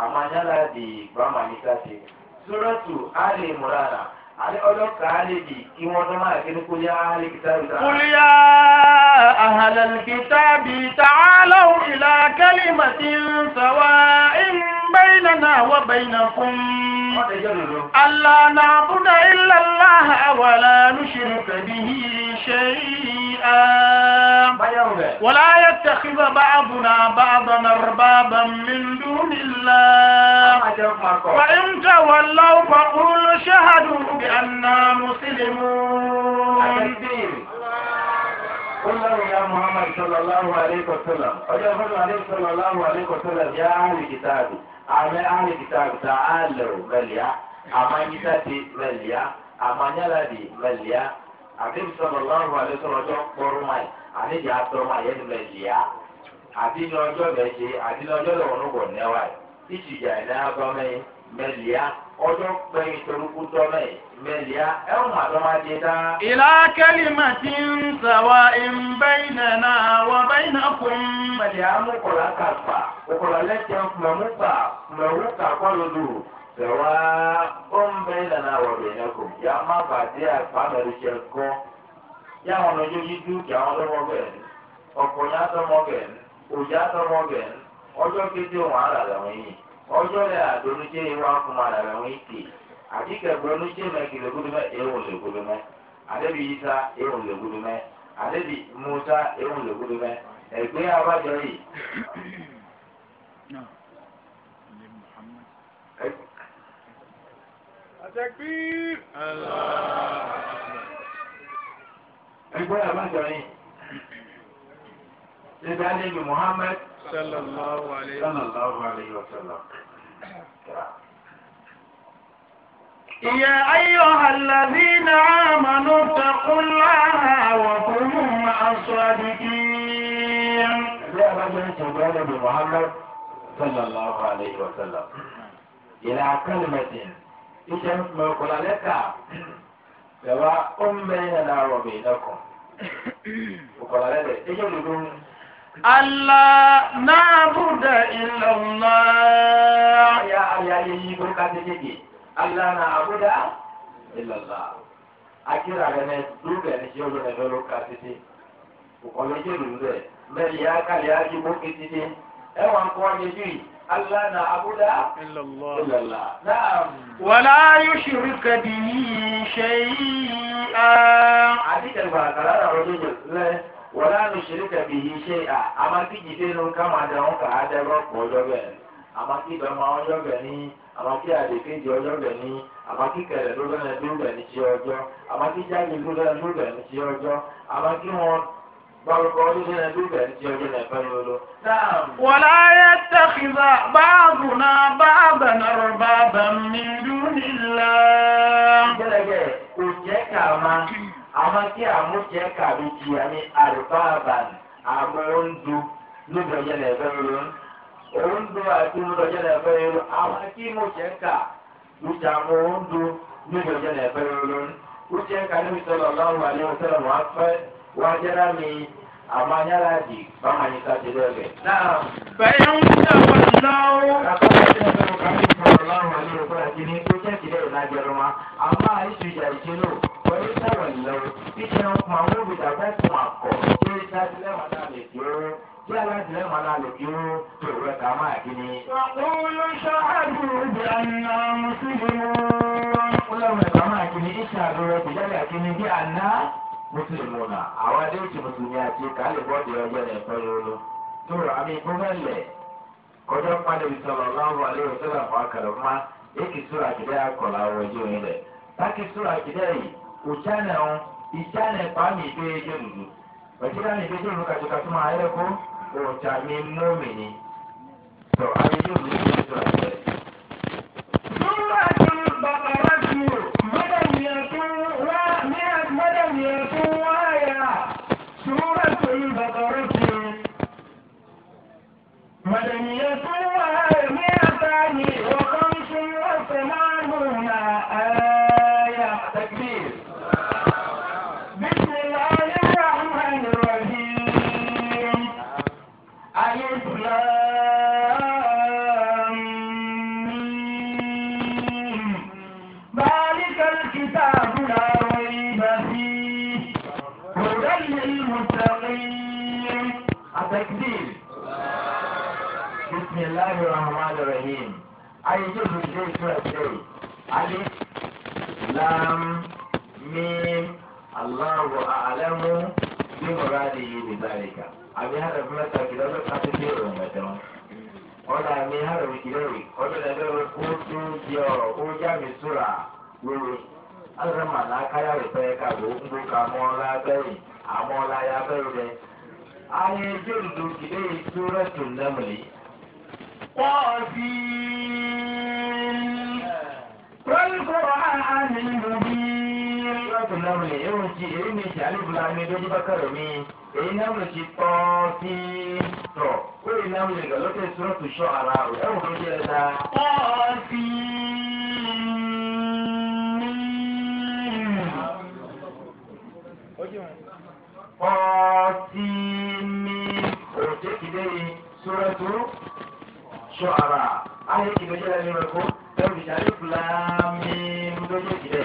àmànyálà di gbàmàmísàsì súrọ́tù àlè mùrànà ale ọjọ́ kàálẹ̀ bi kí wọ́n tó máa kéde kó yá àlè kìtàbí ta. kul ya ahlal kitabi ta'alaw ila kalimatin sawa'in baynana wa baynakum. ألا نعبد إلا الله ولا نشرك به شيئا ولا يتخذ بعضنا بعضا أربابا من دون الله فإن تولوا فقولوا شهدوا بأننا مسلمون قل له يا محمد صلى الله عليه وسلم له يا محمد صلى الله عليه وسلم يا أهل كتابي àwọn ahli kitabu ta'alu raliya amanyitati raliya amanyaladi raliya àdébí sallallahu alaihi wasallam ọjọ́ kpọ́rọ́ máyì àníjì àtọ́rọ́ máyì ẹni raliya àti ní ọjọ́ bẹ̀ ṣe àti ní ọjọ́ lọ́wọ́ ní wọ̀ nẹ́wà yìí ìjìyà ẹ̀ náà bá mẹlìá ọjọ́ pé ìtorúkú tọ́lá ẹ̀ mẹlìá ẹ̀wọ̀n àdọ́mọdé dá. ìlà kẹ́límà ti ń sàwà ìbẹ́yìnà náà wà bẹ́yìnà kún. mẹlìá mọ̀kọ̀lá kàfà mọ̀kọ̀lá lẹ́tẹ̀ mọ̀múkà mọ̀múkà kọ́lọ́dù sàwà ìbẹ́yìnà náà wà bẹ́yìnà kún. yà má kọ́ wọn ọjọ́ òun ọjọ́ rẹ̀ àdónújẹ́ ìwà kùmàrà rẹ̀ wọ́n ti àdìkẹ́ gbọ́nújẹ́ mẹ́kì lẹ́gbẹ́dúmẹ́ ẹ̀hún lẹ́gbẹ́dúmẹ́ àdẹ́bí yíṣà ẹ̀hún lẹ́gbẹ́dúmẹ́ àdẹ́bí musa ẹ̀hún lẹ́gbẹ́dúmẹ́ ẹ̀gbẹ́ abájọ yìí. ẹgbẹ́ abájọ yìí. ṣé dáadé ni muhammed. صلى الله عليه صلى الله عليه وسلم يا أيها الذين آمنوا اتقوا الله وكونوا مع الصادقين لا بد أن بمحمد صلى الله عليه وسلم إلى كلمة إذا ما لك سواء بيننا وبينكم وقال لك إجل Allah na'buda illa Allah ya ayaye yi burka da yake Allah na'buda illa Allah akira ga ne duka ne shi yau da zaro ka titi ko kuma je duka mai ya ka ya ji burka titi ai wan ko ne ji Allah na'buda illa Allah na'am wala yushrik bihi shay'a adikan ba karara wajen ne wala nushrika bihi shay'a ama ki jide nun kama da wọn ka ada ba ko jobe ama ki ba ma jobe ni ama ki ade ke jo jobe ni ama ki kere do na do be ni ti ojo ama ki ja ni do na do be ni ti ojo ama ki wọn ولا يتخذ بعضنا بعضا أربابا من دون الله àwọn tí àmúṣe kàbí ti àmì àrùbáàbàn àmọ́ ń du níbi ọjọ́ náà ẹ̀fẹ́ yìí òun ń du àti níbi ọjọ́ náà ẹ̀fẹ́ yìí àwọn tí múṣe kà lùjà àmọ́ ń du níbi ọjọ́ náà ẹ̀fẹ́ yìí lùjẹ́ kà níbi sọ̀rọ̀ ọlọ́run àlẹ́ òṣèlú wọn fẹ́ wọ́n jẹ́rán mi amma yana ji ba ma yi sati da bai. Na'am. Bayan wuta wallawo. Kaka ba ta da bukatun sallallahu alaihi wa sallam jini ko ta ki da ina girma amma a yi su jarike no ko yi ta wallawo. Ike nan kuma mun bi da ba kuma ko ko yi ta dile mana le kiyo. Bí ala dile mana le kiyo tó rẹ ká máa kini. Wàkúlù ṣáàdù bí àná mùsùlùmí. Wọ́n lọ́wọ́ ẹ̀ka máa kini iṣẹ́ àdúrà kò yálà kini bí àná. mùsùlùmùnà àwọn adéwìtì mùsùlùmí àti kálíbọ̀dì ọjọ́ ẹ̀fọ́ lólo tó rà mí kọjọ́ pàdé ìsọ̀rọ̀ lọ́wọ́ alẹ́ òṣèlú àwọn akẹ́rọ̀ mọ́ èkì súra kìdá akọ̀lọ̀ àwọn ojú orin rẹ̀ bákì súra kìdá yìí òjánà ń ìjánà pàmì ìgbé ẹjọ́ البقرة ولم يكن مئتان التكذيب بسم الله الرحمن الرحيم أيجب إليه سورة ألف لام ميم الله أعلم بمراده بذلك أبي هذا متى كده بقى تسير مثلا ọ̀dà ha hàrò ìkìlẹ̀rì ọdún ẹgbẹ̀rún kó tó di ọ̀rọ̀ kó já mi súra lórí. alẹ́ màlá káyà rẹ̀ ka ya ayé jòdòdò kìlẹ̀ ìtúrẹ́tò lẹ́mọ̀lì. Kọ́ọ̀fì pẹ́lúkọ̀rọ̀ àmì lòdì ìrẹ́tò lẹ́mọ̀lì ẹ̀wọ̀n ti èyí ni ìjà àlébùlà mi lójú bákàrọ̀ mi èyí lẹ́mọ̀lì ti tọ́ sí tọ̀ ó yìí lẹ́mọ̀lì gà lọ́tẹ̀ ìtúrẹ́tò sọ ara rẹ̀ ẹ̀wọ̀n tó jẹ́ ẹ̀dá. Kọ́ọ̀fì. Kọ́ọ̀fì suratu Shu'ara ayé ìgbẹ́jẹ́ lẹ́nu rẹ̀ kó ẹrù ìṣàlẹ̀ fúlàmì ń lóye ìdílé.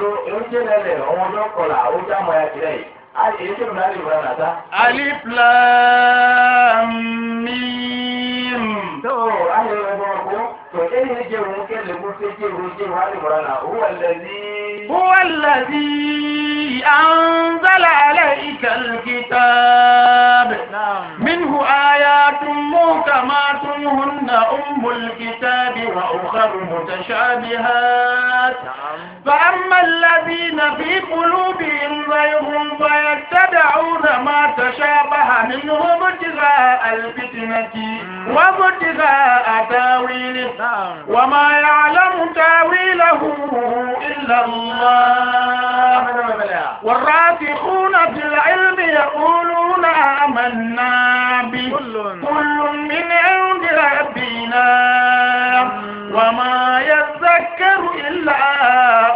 ló ń jẹ́lẹ̀ lẹ̀ ọ̀hún ló kọ̀là ó já mọ́ ẹ̀ tẹ́lẹ̀ yìí. Alif Lam Mim. Tó ayọ̀ ẹ̀gbọ́n فإيه جرم كلمة جرم جرم عمرنا هو الذي هو الذي أنزل عليك الكتاب نعم. منه آيات محكمات هن أم الكتاب وأخر متشابهات نعم. فأما الذين في قلوبهم زيغ فيتبعون ما تشابه منه ابتغاء الفتنة وابتغاء تاويله نعم. وما يعلم تاويله إلا الله والراسخون في العلم يقولون آمنا به كل من عند ربنا وما يذكر إلا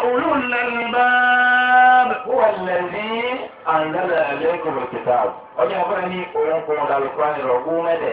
أولو الألباب هو الذي أنزل إليكم الكتاب ọjọ́ ìbọn ní òun kò ń da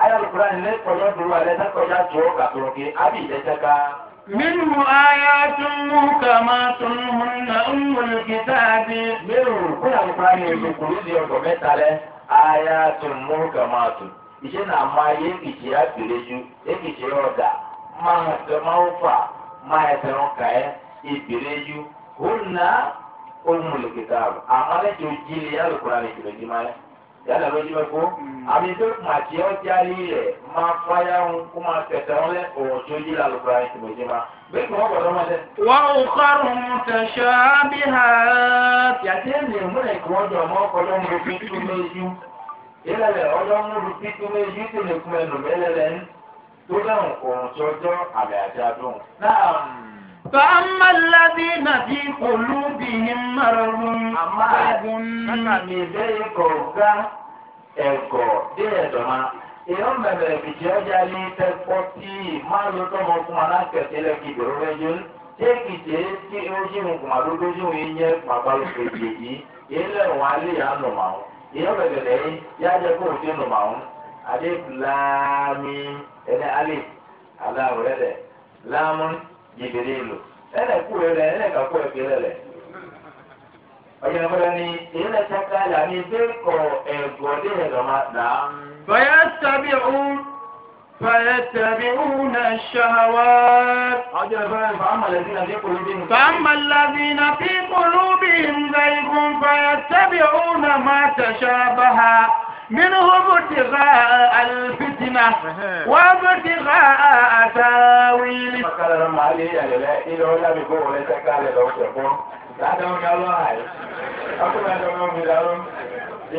aya alukura ni ne kọjá duru alẹ ta kọjá tó kakoro ke abi ìdẹsẹ ká. mu kama tun na n wolo kita di. minnu kuna alukura ni olùkuru di ọdọ mẹ́ta lẹ aya tun mu kama tun. iṣẹ́ náà máa yé ya ju ọ̀dà ẹsẹ̀ ń fà ẹsẹ̀ ń kà ẹ́ ju na ó àmọ́ yálà ló yí mẹ́kọ́ mm. àmì tó màtí ọ́ ti ayé rẹ̀ máa fáyà ń kó máa tẹ̀tẹ̀ wọn lẹ ọ̀rọ̀ tó yí la lóko ayé tìmọ̀ jẹ́ máa bẹ́ẹ̀ ni wọ́n gbọ́dọ̀ máa tẹ̀. wọ́n ò kọ́rùn ún tẹ̀sọ́ bí ha. yàtí èmi múlẹ̀ kí wọ́n jọ ọmọ ọkọ̀dọ́ mú fi tú méjú yẹlẹlẹ ọdọ mú fi tú méjú tó lè kún ẹnu mẹ́lẹ́lẹ́ tó dáhùn ọ̀rùn tó jọ àbẹ̀ àjá dùn. náà فأما الَّذِينَ في قلوبهم مرض فهم ẹ̀kọ́ díẹ̀ dọ̀mà èèyàn mẹ̀mẹ̀rẹ̀ kìjì ọjà lé tẹ́kọ́ tí máa ló tọ́mọ fún wa láti ẹ̀tẹ́lẹ̀ kí ìbẹ̀rù rẹ̀ yó ṣé kìjì tí ó yíwọ̀n kùmà lójójú yìí yẹ pàpà lóṣù yìí yìí lẹ́wọ̀n alẹ́ yà á nù màá èèyàn mẹ̀mẹ̀rẹ̀ yìí yá kó o ti nù màá alif laami ẹ̀dẹ̀ e alif aláwọ̀ rẹ̀ dẹ̀ láàmú jìbìrì lò ẹnlẹ kú rẹ lẹ ẹnlẹ kakú ẹ fi lẹ lẹ ọyàn fúnra ni ìyẹn lẹsẹ ká là ní bẹẹkọ ẹgbọdé ẹdọmọ là. bẹ́ẹ̀ tàbí òun bẹ́ẹ̀ tàbí òun náà ṣàwá. ọjọ́ ìfẹ́ فأما الذين في قلوبهم زيغ فيتبعون ما تشابه منه ابتغاء الفتنة وابتغاء تاويل مثلا ما علي لا إله إلا بقوة ليس كالي لو تقوم لا تقوم يا الله هاي أقول لك أنا من الأرض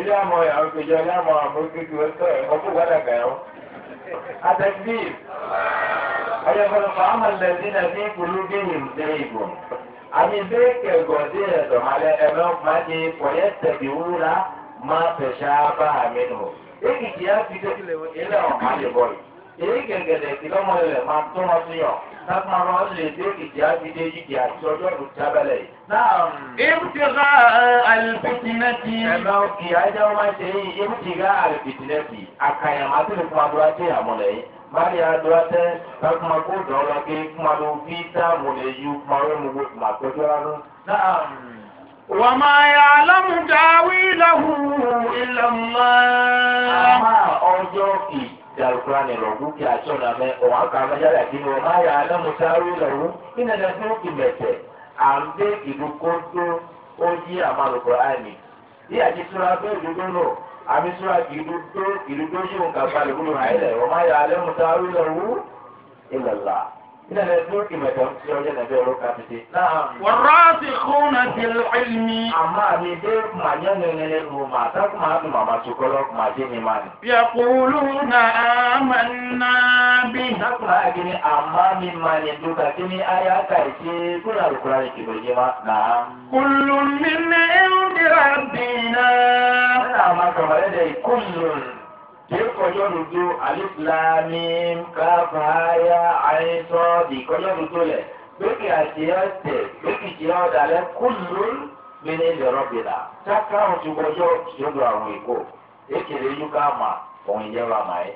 ilé àmọ ìyàwó kejì ọlẹ́ àmọ àwọn kékeré ọtọ ẹ̀ ọkọ̀ gbọ́dọ̀ gàyọ́. àtẹ̀sí ọjọ́ ìfọdọ̀fọ̀ amọ̀lẹ́sí náà fi kúlú géyìn dé ìbò. àmì bẹ́ẹ̀ kẹ̀gọ́ sí ẹ̀dọ̀mọ́lẹ́ ẹ̀mẹ́ ọkùnrin ti pọ̀yẹ́sẹ̀ bí wúrà ma tashabaha minhu èyí tí a fi dé ilé ọ̀ma lè bọ̀ yìí èyí gẹ̀gẹ̀dẹ̀ tí lọ́mọ ilẹ̀ máa tó wọn sí yọ lápá wọn lè dé èyí tí a fi dé yìí di àti ọjọ́ ìlú tábẹ́lẹ̀ yìí. ibùdókà alìbìtìnẹ́tì. ẹ̀mẹ́ òkè ajá wọn ṣe yí ibùdókà alìbìtìnẹ́tì àkàyàn àti ìfún abúlé àti àmọ̀lẹ̀ yìí. bari adúlá tẹ kakuma kó dọ̀ọ́ وما يعلم تعويله إلا الله أما أرجو القرآن الرجوك أشونا ما وعكا ما يلكن وما يعلم تعويله إن نفوك متى àǹdé ìdókòtò ó yí àmàlùkọ àìní bí àtisúra tó ìdúdó lò àmísúra ìdúdó ìdúdó ṣòwò kàfà lòkúlò ọmọ ayọ̀ alẹ́ mọ̀tàrú lọ́wọ́ ìlàlá. والراسخون في العلم يقولون آمنا به كل من عند ربنا كل kọjọ́ dodo alisilami káfáyà àìsọ́ọ̀dì kọjọ́ dodo lẹ̀ gbẹ́kì àti ẹ̀sẹ̀ gbẹ́kì tí ọ̀ dalẹ̀ kúlù mini lọ́rọ̀ bìlà sákàrùn ti kọjọ́ ṣòdò àwọn èkó èkèrè yúkà mà òun ìjẹba mà yìí.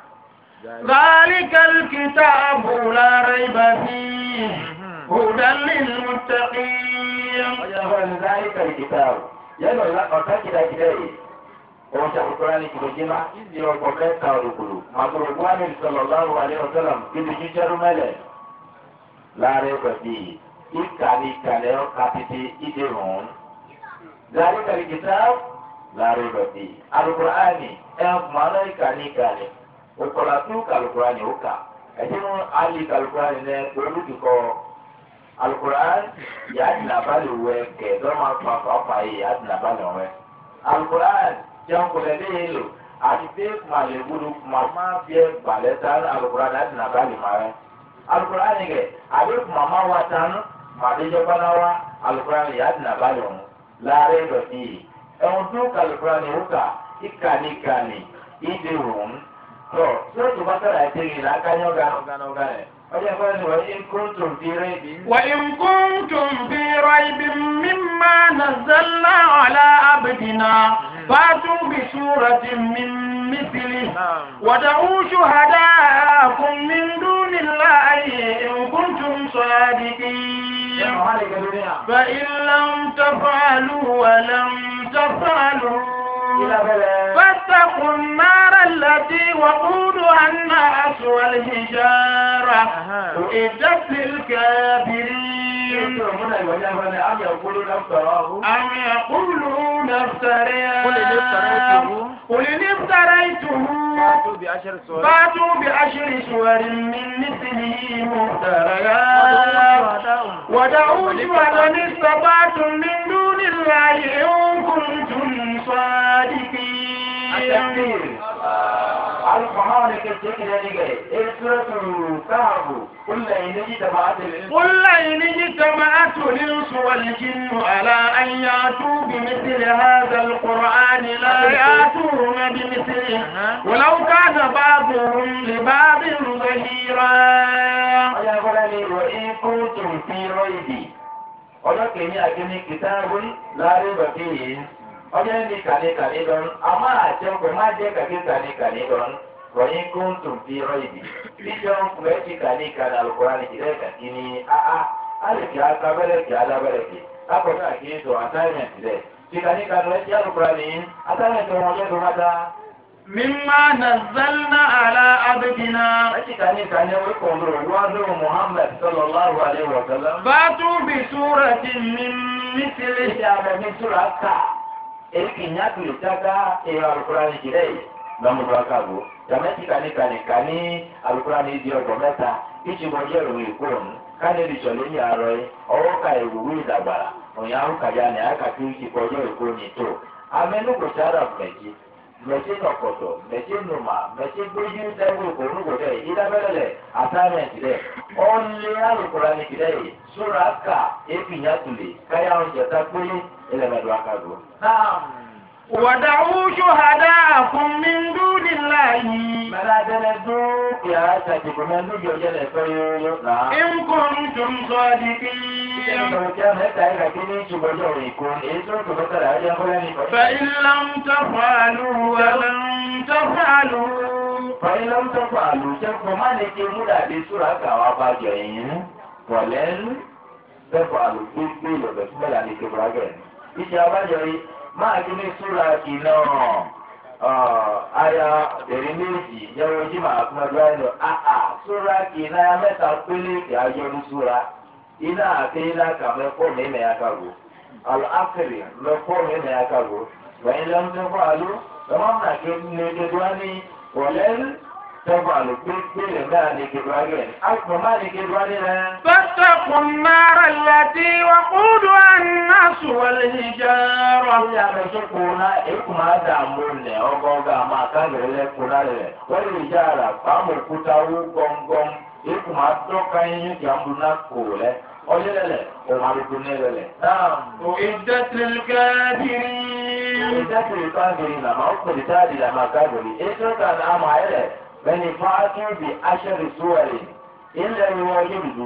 ذلك الكتاب لا ريب فيه هدى للمتقين ذلك الكتاب yẹnu ọ̀tá kìdàkìdà yìí òun ṣàkóso ní kìlógínà ìdí ọgbọ̀n mẹ́ta ọ̀dùnkùlù màgbọ̀rọ̀ buhari sọlọ́láhùn àlẹ́ọ̀sọ́làm kíbi jíjẹ́rú mẹ́lẹ̀ láàrin pẹ̀lú ìkàlẹ̀ ìkàlẹ̀ ọ̀ka títí ìdí rùn. ذلك الكتاب لا ريب فيه alukura ani ẹ̀ mọ̀ ọ́nà ìkàlẹ̀ ìkàlẹ̀. wekoratun kalukurani uka ɛdini ali kalukurani nɛ oludukɔ alukurani ne ye lo ati pe kuma le wulu ma fiyɛ gbalɛ ta alukurani yadi nabali ma wɛ alukurani kɛ a bɛ kuma ma wa ma bɛ jɔbana wa alukurani yadi nabali wɛ laare tọ sọ́ọ̀tù bá sọ̀rọ̀ àti ìrìn lákàáyé ọ̀gá ọ̀gá rẹ̀ ọjọ́ ìfọwọ́ ni wọ́n ń kúntùn fi rẹ́ ibi. wọ́n ń kúntùn fi rọ ibi mímá nàzọ́lá ọ̀la abidina fàtún bisúra ti mi mísìlì wàdàwù ṣùhàdà fún mi dúni láàyè nkúntùn sọ́ọ̀dìdì. فإن لم تفعلوا ولم تفعلوا فاتقوا النار التي وقودها الناس والحجارة أعدت للكافرين إيه، أم يقولون افتراه قل إن افتريته قل إن افتريته فاتوا بعشر سور من مثله مفتريات ودعوا شهدا استطعتم من دون لله إن كنتم صادقين القرآن كتير لغاية سورة الكهف قل إن اجتمعت قل إن اجتمعت الإنس والجن على أن يأتوا بمثل هذا القرآن لا يأتون بمثله ولو كان بعضهم لبعض ظهيرا وإن كنتم في ريب ọjọ́ kìíní àgbẹ̀ni kìtàbùn láàrin bàbí yìí ọjọ́ ní kàlẹ́ kàlẹ́ dọ́n àmọ́ àjẹpẹ́ má jẹ́ kàkẹ́ kàlẹ́ kàlẹ́ dọ́n wọ̀nyí kóńtùn fi rọ ìbí bíjọ́ fúlẹ̀ ti kàlẹ́ kàlẹ́ alukóra ní kìlẹ̀ kàkí ní áá alèkè akábẹ́lẹ̀ kì alábẹ́lẹ̀ kì akọ̀tà kì í sọ àtàlẹ̀ tìlẹ̀ ti kàlẹ́ kàlẹ́ ti alukóra ní àtàlẹ̀ tó wọn lẹ́nu mimma nazzalna ala abdina akikani kani we kondoro wazo muhammad sallallahu alaihi wa sallam batu bi suratin min mithli ya ba ni suraka eki nyatu litaka e alqur'ani jirei lamu baraka go jamati kani kani kani alqur'ani di ogo mẹ́ta ichi mo jero wi kun kani di chole ni aroi owo ka ewuwi dagbara oyan ka ya ni aka ti ki ko jero ko ni to amenu ko sara meji mɛtsi nɔkɔtɔ mɛtsi numa mɛtsi gbɛdzi ɛgbɛ onugo dɛ idabɛlɛ lɛ assignment dɛ ɔlɛ alukurani dɛ suraka efinyatule kaya ɔnjata kpele ɛlɛmɛdo akado naam. وَدَعُوا شُهَدَاءَكُم مِّن دُونِ اللَّهِ إِن كُنتُمْ صَادِقِينَ فَإِن لَّمْ تَفْعَلُوا وَلَن تَفْعَلوا فَإِن لَّمْ تَفْعَلُوا جَكُمْ مَلِكِ مُدَابِ سُرَا كَوَا بَاجَيِّن وَلَن تَفْعَلوا بِبِي لَبَسْمَلَ عَلَيْكَ بَرَغَ إِجَابَ جَرِي máa di ní súra iná aya bẹ̀rẹ̀ méjì yẹ́wọ́ jí màá fún ọdún ayé lọ àà súra iná mẹ́ta pélé ìdájọ́ ní súra iná àti iná kà mẹ́fọ́ mi mẹ́ya ká lò àlọ́ ákèrè mẹ́fọ́ mi mẹ́ya ká lò wẹ́n lọ́n tó fọ́ lọ́wọ́ ní ní pé pé lè má ní واتقوا النار التي وقودها الناس والحجارة ikùn àdààmú lẹ̀ ọgọ́gà máa kálẹ̀ lẹ́kùn lálẹ́ wọ́n lè yára fáwọn òkúta owó gọ́ngọ́n ikùn àdọ́ka yín jàmbù náà kò lẹ́ ọyẹ́ lẹ́lẹ̀ òun àdúgbò ní lẹ́lẹ̀. ìdẹ́tìlì káàdìrì. ìdẹ́tìlì káàdìrì làmà ó pèlè táàdì làmà káàdìrì ètò ìtàn àmà ayẹlẹ̀ bẹ́ẹ̀ni fáájú ilẹ̀ ni wọ́n yé bìbí.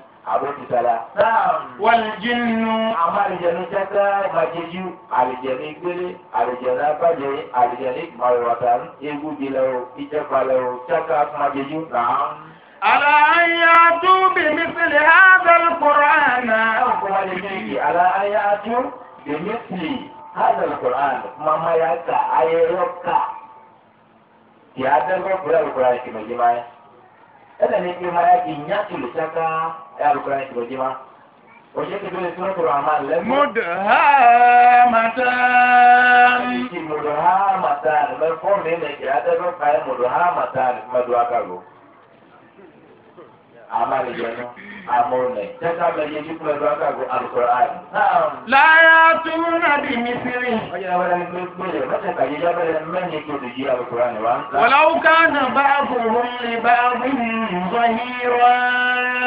àbójútara. wọ́n jínu. àwọn àlìjẹ̀nu jẹ́ká ìbàjẹ́jú àlìjẹ̀nu ìgbélé àlìjẹ̀nu abájẹ́ àlìjẹ̀nu ìmọ̀lẹ́wàtà egúgilẹ̀ o ìjẹ́palẹ̀ o jẹ́ká ìmọ̀jẹ́jú náà. على أن يأتوا بمثل هذا القرآن. على أن يأتوا بمثل هذا القرآن. ماما يأتى أيوكا. يأتى القرآن القرآن كما جمعه. أنا نقول ما يأتي نأتي لشكا ya alukura ni tìbọ̀jì ma. Oṣù tí bíi sọ́nà tó rà máa lẹ́. Mudhamatan. Ìdí mudhamatan mẹ fọ́ọ̀mù yìí lẹ́kì adẹ́gbẹ́ fàáyé mudhamatan mẹ́dọ̀ àgàlò. Amali yẹnu, amúnẹ̀, tẹ́tà mẹ́yẹ dúpọ̀ mẹ́dọ̀ àgàlò alukura ayé. Láyà tún nàbí mi sírí. Ọ̀yẹ́ àwọn ẹni gbé gbélé, mẹ́tẹ̀ kàyé yábẹ́rẹ́ mẹ́ni kejì yí alukura ni wa. Wọ́lá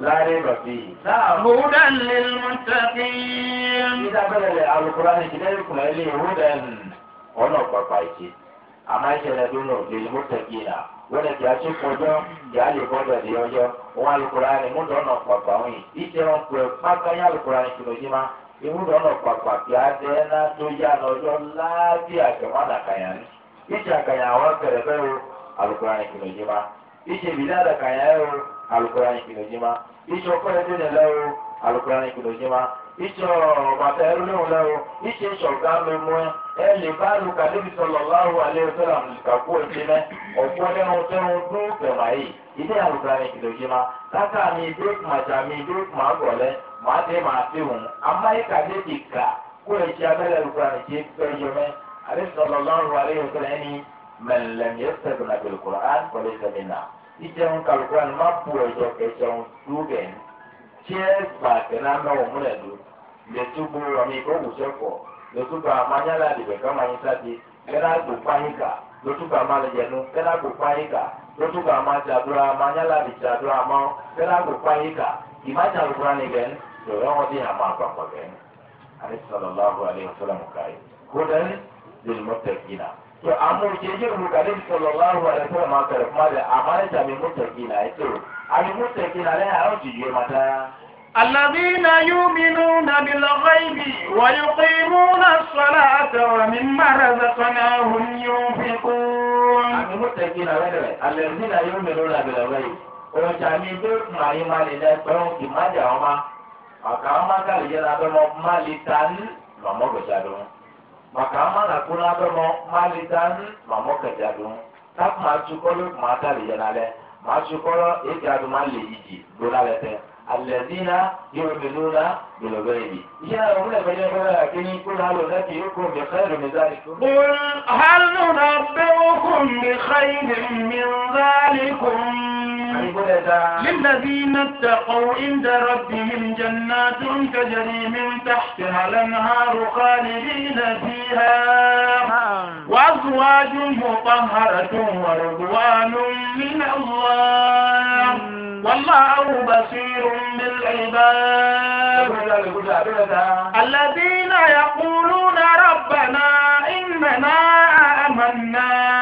láàrin rọ̀bì. Húdà ní mùtàkì. Nígbà bẹ́ẹ̀ alukóra ni ìdílé ìkùn ilé húdà ní ọ̀nà pàpà ìṣe. Àmọ́ ìṣẹ̀lẹ̀ tó nù lè mùtàkì nà. Wọ́n lè kí a ṣe kọjọ́ kí a lè bọ́dọ̀ di ọjọ́. Wọ́n alukóra ni múdọ̀ ọ̀nà pàpà wọ̀nyí. Ìṣẹ̀ wọn pẹ̀ pátá yá alukóra ni kìlójúmá. Ìmúdọ̀ ọ̀nà pàpà kí alukurani kìlọ̀ jẹ́ ma ìṣọ̀ kọ́lẹ́dé ni lẹ́wọ̀ alukurani kìlọ̀ jẹ́ ma ìṣọ̀ bàtà ẹrú lẹ́wọ̀ lẹ́wọ̀ ìṣe ìṣọ̀ gán mi mú ẹ ẹ lè bá lu kàdébi sọ̀lọ̀ láwọ̀ alẹ́ sọ̀lọ̀ àmùsùkàkú ẹ̀jẹ̀ mẹ́ ọ̀pọ̀ lẹ́wọ̀n tẹ́wọ̀n dún alukurani kìlọ̀ jẹ́ ma mi dé màjà mi dé màgọ̀lẹ́ màá dé màá fi hùn amáyíkà dé ìkà kó ẹ̀jẹ̀ abẹ́lẹ̀ alukurani jẹ́ pẹ́yọ mẹ́ alẹ́ sọ̀lọ̀ láwọ̀ alẹ́ sọ̀lọ̀ ẹni mẹ́lẹ̀mí ìjẹun kàlùkùrà ni má bu ẹ̀jọ̀ ẹ̀jọ̀un dúró bẹ̀ ní. tí ẹ gbà tẹ̀lé anáwó múlẹ̀ ló lè tún bó ọmọ ìkó wùsẹ̀kọ̀ lè tún bá amányálà àdìbẹ̀ ká máa yin sáde kẹ́lá gbò páyìnkà lè tún bá amálẹ̀jẹ̀nu kẹ́lá gbò páyìnkà lè tún bá amájàdúrà amányálà àdìjàdúrà amá kẹ́lá gbò páyìnkà ìmájà kàlùkùrà ni bẹ̀ ní lọ́wọ́ wọn dín àmọ́ àgbàpọ̀ bẹ̀ ní. alẹ́ sọ̀rọ̀ lọ́wọ́ alẹ́ to amma jirgin rugalin sallallahu alaihi wasallam ma kare kuma da amana ta mai mutaki na yato ami mutaki na lai hawo jiye mata الذين يؤمنون بالغيب ويقيمون الصلاة ومما رزقناهم ينفقون الذين يؤمنون بالغيب ojàmí bẹ́ẹ̀ kùn àyè máa lè lẹ́gbẹ̀rún kì má jà ọ́ ma ọ̀kà má kàlẹ́ yẹn lábẹ́ mọ́ má lè ta ní lọ́mọ́ gbèsè maka mana kuna bemo mali dan mamo kajadun tak ma chukolo ma tali yanale ma chukolo e jadu mali yiji donale te alladhina yu'minuna bil ghaibi ya umma bayan kana kini kun halu laki yukum bi khairin min zalikum qul hal nunabbiukum bi khairin min zalikum للذين اتقوا عند ربهم جنات تجري من تحتها الأنهار خالدين فيها وأزواج مطهرة ورضوان من الله والله بصير بالعباد الذين يقولون ربنا إننا آمنا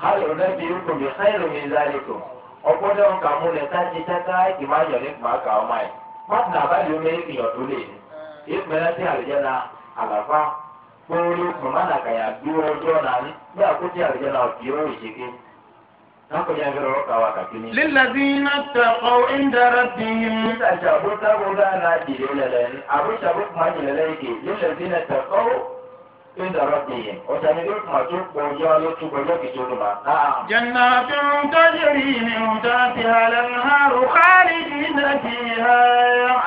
hayo ne bi ko bi khairu min zalikum ọgbọdọ nka mu lẹ tájí tẹta ìgbìmọ ayọ ní kùmà ká ọmọ yìí pátánà abáyọ ọmọ yìí kìyàn tó lè ní ìpínlẹ tí àlùjẹ na àlàfà kpóorí màmá nà kàyà gbé ọjọ náà ní bí àkójọ àlùjẹ na ọbí ó yìí ké n'akọjá ẹgbẹrẹ ọkọ àwọn àkàkí ni. lílàdí iná tẹ̀kọ́ ìdára bí. níta ṣàbótábó dáná dìde lẹ́lẹ́ àbúṣàbó kùmà jìlẹ́lẹ́ yìí ké lílàdí iná tẹ̀kọ́. عند ربهم وسنذيق ما تلقوا يالوت جنات تجري من تحتها الانهار خالدين فيها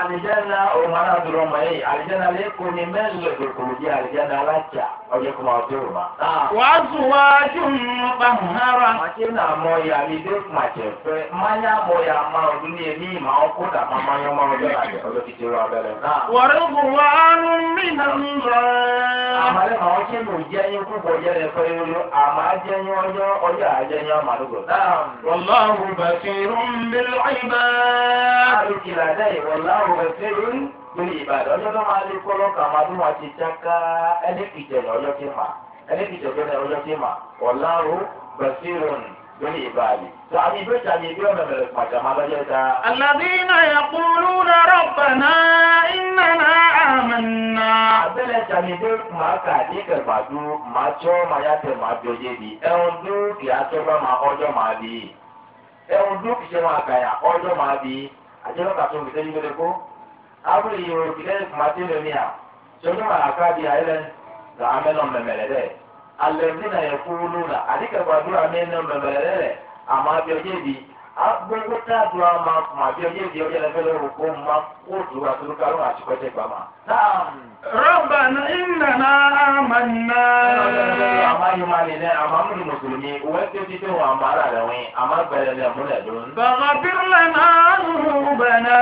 الجنة ومنا دروما اي الجنة ليكون من لكم جي الجنة لاتشا ويكم عطورما نعم وأزواج مطهرة ماتينا مويا ما تفه ما ما ودني مي ما أقودا ما ما يوم ما ودنا ويكسونما نعم ورضوان من الله àwọn tí mo jẹ́ yín púpọ̀ yẹ lẹ fẹ́ yóò àmọ́ ajẹ́ yín ọjọ́ ọjọ́ ajẹ́ yín ọmọ àdúgbò. wàláhù basirun bil ibad. àbíkí làdá yìí wàláhù basirun bil ibad ọjọ́ tó máa lé kọ́lọ́ kà máa dún wa ti jáká ẹni kìjẹ́ ní ọjọ́ tí mà ẹni kìjẹ́ ní ọjọ́ tí mà wàláhù basirun bil ibad. sàmì ìbí sàmì ìbí ọ̀nà mẹ̀rẹ̀ pàjámà lọ́jọ́ ta. alladhina yaquluna rabbana innana آمنا abẹ́lẹ̀ tàbí pé màá kà ní kẹ̀gbàdú màá tí ọ́ máa yàtọ̀ màá bí ọyẹ́ bi ẹ̀hún dúkì àtọ́gbà máa ọjọ́ máa bí ẹ̀hún dúkì ṣe máa kàyà ọjọ́ máa bí àjẹmọ́ kàtó ń gbèsè yíyọ́ lẹ́kọ́ abúlé yìí o kìlẹ̀ kùmàtí lómi à sọ́jọ́ máa kà bí ayẹlẹ́ là amẹ́nà mẹ̀mẹ̀lẹ́ dẹ̀ alẹ́ nínà yẹ fúlú nà àdìkẹ̀gbàdú amẹ́nà mẹ̀mẹ̀lẹ́ dẹ̀ àmọ́ abẹ́ọ̀yẹ́ bi gbogbo dáàbò àwọn máa kùn àbí ọjọ́ ìdí ọjọ́ ìlẹ́fẹ́lẹ́ òkú máa kó dùn àtúrúkọ àrùn àti pẹ́tẹ́ gbàmà. Rabbana innana amanna. Àmàyùmá ni dẹ́ àmàmú ni mùsùlùmí wọ́n ti ti tó wọn àmàlà rẹ̀ wọ́n àmàgbẹ̀rẹ̀ rẹ̀ múlẹ̀ dùn. Faghfir lana dhunubana.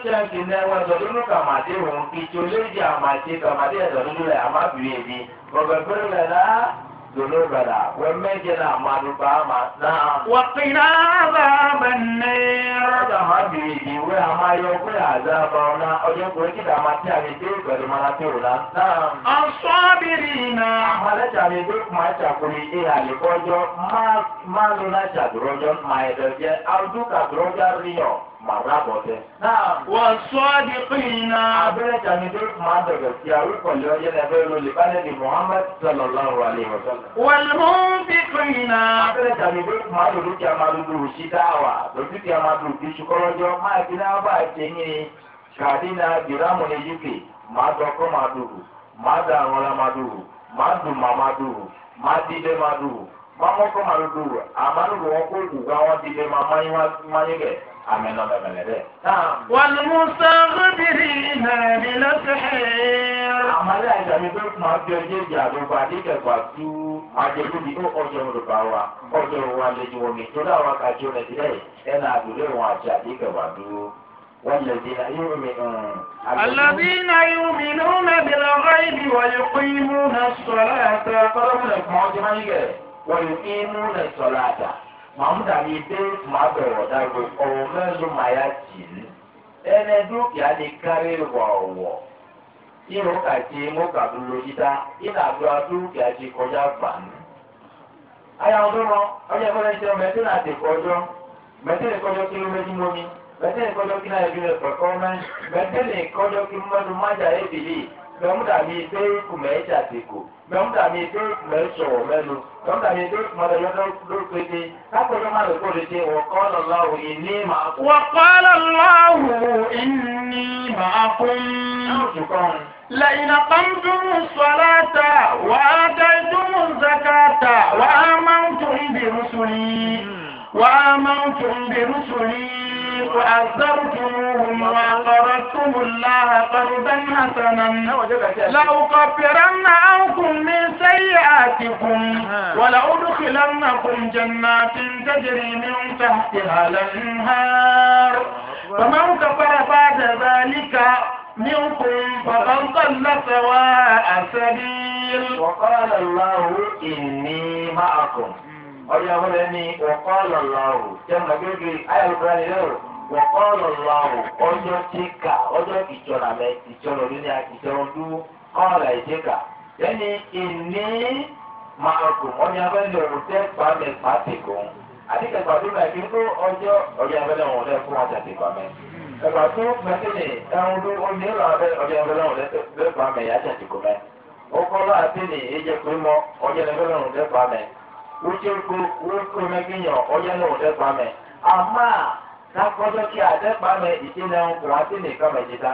Ṣẹ́ǹkì náà wọ́n sọ dúró kàmáde òun kí tí olóòjì àmàdé kàmáde ẹ̀sọ́ dúró rẹ̀ àmàbìrì èmi. ذنوبنا ومجنا ما نباما نعم وقنا عذاب النار هذا بيجي وما يقول عذابنا أجيب كده ما تاني بيك وما نتورنا نعم الصابرين ما تاني بيك ما تقولي إيه لكوجو ما ما لنا تدرجون ما يدرجون أرجوك تدرجون ريو màá lábọ̀ tẹ. wọ́n sọ ọ́ di pinna. abẹ́rẹ́ jàmí tó máa dọ̀gẹ̀ sí àwíkọ̀lẹ́ ọjọ́ náà fẹ́ lọ lè bá lẹ́ni Muhammad sallallahu alaihi wasallam. wọ́n mú bí pinna. abẹ́rẹ́ jàmí tó máa dòdò kí a máa dòdò sí dáwà lójú kí a máa dòdò bí sukọ́lọ́jọ́ máa fi náà bá a jẹ́ yín kàdínà bìrámù ní uk máa dọ̀kọ́ máa dòdò máa dà àwọn ọlá máa dòdò máa dùn máa máa dòdò máa dídẹ́ máa dòdò máa mọ́kọ́ máa dòdò àmàlùwọ̀ kó dùgbà wọn àmín ọ̀nà mẹ̀lẹ́dẹ̀. wọ́n mú sọ́ọ́bìrì nàbí lọ́sẹ̀. àwọn ilé àìsàn mi tó máa fi ọjọ́ ìjà àgbègbè àdìgẹ̀gbà tú àjẹjúbi ó ọjọ́ olùbá wa ọjọ́ wa lẹ́yìn omi tó dáwọ́ kájú rẹ̀ sílẹ̀ ẹ̀ náà àdúrà ìwọ̀n àti àdìgẹ̀gbà dúró. والذين يؤمنون الذين يؤمنون بالغيب ويقيمون الصلاة ويقيمون الصلاة ma yìí dé màá bẹ̀rọ̀ dàgbé ọ̀rọ̀ mẹ́rin màá yá jì í ẹnẹ dúkìá lè kárí wọ̀ọ̀wọ̀ irú kàtí mọ́kàdú lójú dá ìnàdúrà dúkìá ti kọjá onye ayé àwọn ọdún lọ ọjọ́ ìfọ́lẹ́ ṣe mẹ́tìrì àti ìkọjọ́ mẹ́tìrì kọjọ́ kí ló méjì mọ́mi mẹ́tìrì kọjọ́ kí náà ẹbí rẹ̀ pẹ̀kọ́ mẹ́tìrì kí mẹ́múdà mi pé kùmẹ̀ ẹ́ jàdékò mẹ́múdà mi pé kùmẹ̀ ẹ́ sọ̀rọ̀ mẹ́nu mẹ́múdà mi pé kùmẹ̀ ẹ́ lọ́dọ̀ ló pé dé lápẹ̀lú máa lọ́kọ́ lè dé wọ̀kọ́ lọ́láhùn ìní màá kún. wọ̀kọ́ lọ́láhùn ìní màá kún. لئن قمتم الصلاة وآتيتم الزكاة وآمنتم برسلي وآمنتم برسلي وأثرتموهم وأقرضتم الله قرضا حسنا لأكفرن عنكم من سيئاتكم آه. ولأدخلنكم جنات تجري من تحتها الأنهار فمن كفر بعد ذلك منكم فقد ضل سواء السبيل وقال الله إني معكم ọyọ wọn lẹ ní wọkọọlọ lọrù jẹmọ gẹ́gẹ́ ayélujára lọrù wọkọọlọ lọrù ọjọ́ tíkà ọjọ́ ìjọra mẹ ìjọra lórí ìjọra dúró kọọlà ìjẹkà lẹni ìní màkùn ọyọ abẹlẹ ọhún tẹ pàmẹ pàtẹkọ àdìgbà pàtó náà kí n kó ọjọ́ ọyọ abẹlẹ ọhún lẹ fún àjàdì pàmẹ ẹgbà tó mẹsẹlẹ ẹhún tó ọyọ abẹlẹ ọhún lẹ pàmẹ àjàdì kọmẹ ọkọlọ àti ní ìjẹkùn mọ ọyọ abẹlẹ ọhún lẹ pàmẹ wuce ko wuce ko na ginyo oye no de kwame amma lákọ́jọ́ kí àdẹ́pàmẹ́ ìṣẹ̀lẹ̀ ọkùnrin àti nìkan mẹ̀jẹ̀ta.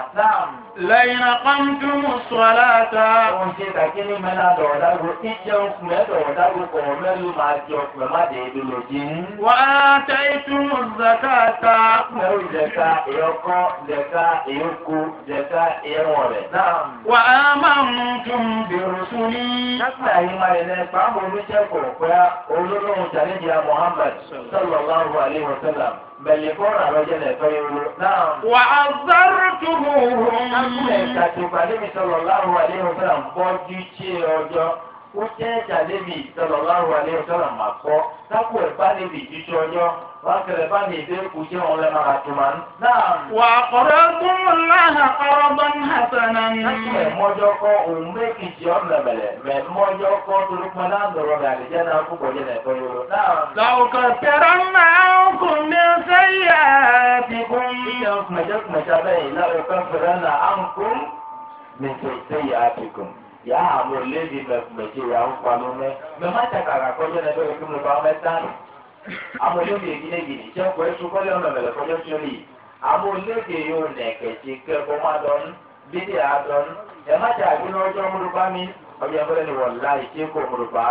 lẹ́yìn àpamtúmù sọ̀láta. ohun ṣe kàkí ní mẹ́ta dọ̀rọ̀ dágbo ìjẹ́ ọkùnrin ẹ̀dọ̀rọ̀ dágbo kọ̀ọ̀ mẹ́lú máa di ọkùnrin má dé ìlú lòdì. wà á tẹ ìtumù zakata. mẹ́rù zẹ̀ka ìyọkọ́ zẹ̀ka ìyókù zẹ̀ka ìyẹ̀wọ̀n rẹ̀. wà á máa mú tún bẹ̀rù sún ní. kápẹ́ àyè máa yẹn lẹ́ pàápàá olùjẹ́kọ̀ọ́ pẹ́ olólùwọ̀n jàlẹ́jì bẹ̀lì fún àròjẹ lẹ́tọ́ ìwúrò náà. wà á sáré tó mú un. a kúlẹ̀ ìtàkùn mi sọ̀rọ̀ láwọn àdéhùn fúnra ń ọjọ́ ó jẹ́ ìjàlébi ìtọ́lọ́láwọ̀ alẹ́ ọ̀sọ́nà màkọ́ sápò ẹ̀fá níbi ìtúṣọ ọyọ́ wọn kẹlẹ̀ bá ní ìdè kù jẹ́ òun lẹ́nu àtùmá náà. wà á kọ́rọ́ fún láhà ọ̀rọ̀ bá ń hà sànà ní. kọ́ òun méjìjì ọ̀nà bẹ̀rẹ̀ mẹ́mọ́jọ́ kọ́ torí pé láńdọ̀rọ̀ rẹ̀ àlejẹ́ náà kúkọ̀ jẹ́ nà yòrò náà. lọ́kọ̀ tẹ̀rọ máa ń kún mi sẹ́yà àtìkún. ìjọba kùmẹ̀jọ́ kùmẹ̀jọ́ bẹ́ẹ̀ yaa á àwọn olédè mẹ̀kùmẹ̀jì rẹ̀ ya palo mẹ́ mẹ má tẹ kàkà kọjọ náà bẹ́ẹ̀ kí mo bá wọn tán àwọn olédè gidi gidi jẹ́ kó esu kọ́lẹ́ ọ̀nà mẹ̀lẹ̀ kọjọ tó lè àwọn olédè yóò nà ẹ̀kẹ́jì kẹ́kọ̀ọ́ má dọ́n bídì á dọ́n ẹ má tẹ àgbẹ̀ náà múlò bá mi ọjọ́ ìbọ̀lẹ̀ ni wọ́n láì tí kò múlò bá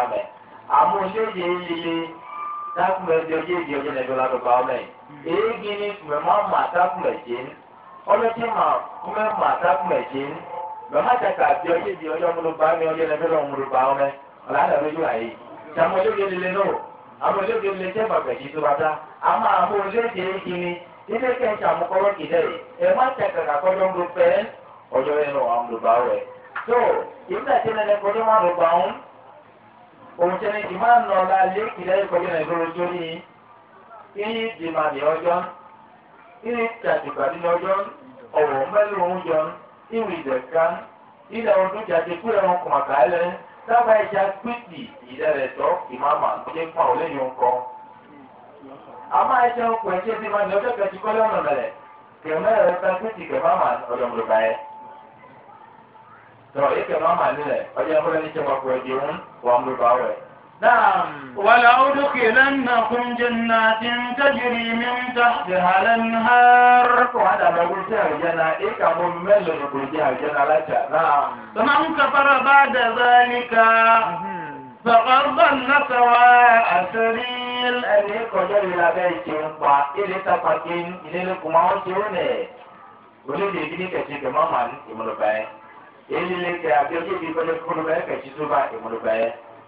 àwọn lọ́mọ tẹ̀sà àti ọyẹ́ di ọyọ́ múlùbá ní ọyẹ́ lẹ́fẹ́ lọ́wọ́ múlùbá ọmọ ọ̀làdà lójú àyè sàmú olóògbé líle náà àwọn olóògbé líle tẹ́ bàbẹ̀ yìí tó bá dá àmọ́ àwọn olóògbé kiri ilé kẹ́ńtà àmúkọ́rọ́ kìlẹ̀ ẹ̀ má tẹ̀sà kàkọ́jọ́ múlùbẹ́ ọjọ́ yẹn náà múlùbá rẹ̀ tó ìgbà tí nana kọjọ́ máa lọ gbà ń òun tẹ́ni ọjọ́ yíyí tàtìgbàdì ọjọ́ jọ iwi dẹ̀ka ilẹ̀ wọn tó jáde kúrẹ́ wọn kọ̀ màkà lẹ́ sábà ẹja gbèdì ìdẹ̀rẹ̀ tọ́ ìmáàmà ṣe pa ọ̀ lẹ́yìn ọkọ. àmọ́ ẹja ọkọ̀ ẹ̀ṣẹ́ ti máa ní ọjọ́ kẹjì kọ́lé ọ̀nà mẹ́lẹ̀ kẹmẹ́ rẹ̀ ta gbèdì kẹmáàmà ọ̀dọ̀mọ̀lùbá tọ́ ẹ kẹmáàmà nílẹ̀ ọjọ́ ẹ̀kọ́ نعم ولأدخلنكم جنات تجري من تحتها الأنهار وهذا ما قلت الجنة إيك من ملك قلت الجنة لك نعم فمن كفر بعد ذلك فقد ضل سواء السبيل أن يقدر إلى بيت ينقع إلى تفكين إلى لكم عشرون ولد يجني كثير كما من يمر بيه إلى لك أبيك يجي بلك كل بيه كثير بيه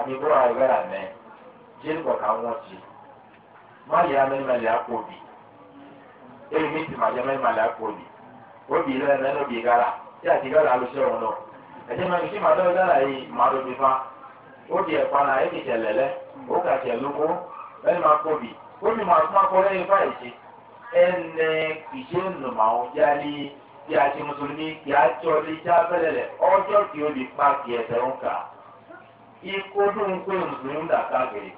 adiboro ayi bɛ la mɛ jeli kɔ ka ŋɔ ti ma yɛ amɛlimɛli akpɔ bi eyi mi ti ma yɛ amɛlimɛli akpɔ bi o bi lɛ mɛ n'obi ka la tí a ti bɛ la alusi ɔŋ lɔ ɛdi mɛ nusi ma dɔ bɛ yi ma do mi fa o di ɛkpa la ebi tɛ lɛ lɛ o ka tɛ lóko ɛni ma kpɔ bi o mi ma kuma kɔ lɛ yi fa yi ti ɛnɛ kìsɛ numawo yali tí a ti musulumi tí a tsɔ li tí a bɛ lɛ ɔjɔ ti o di kpa kìɛ tɛ ŋ kan. ikodonkwe mzurunda akabiri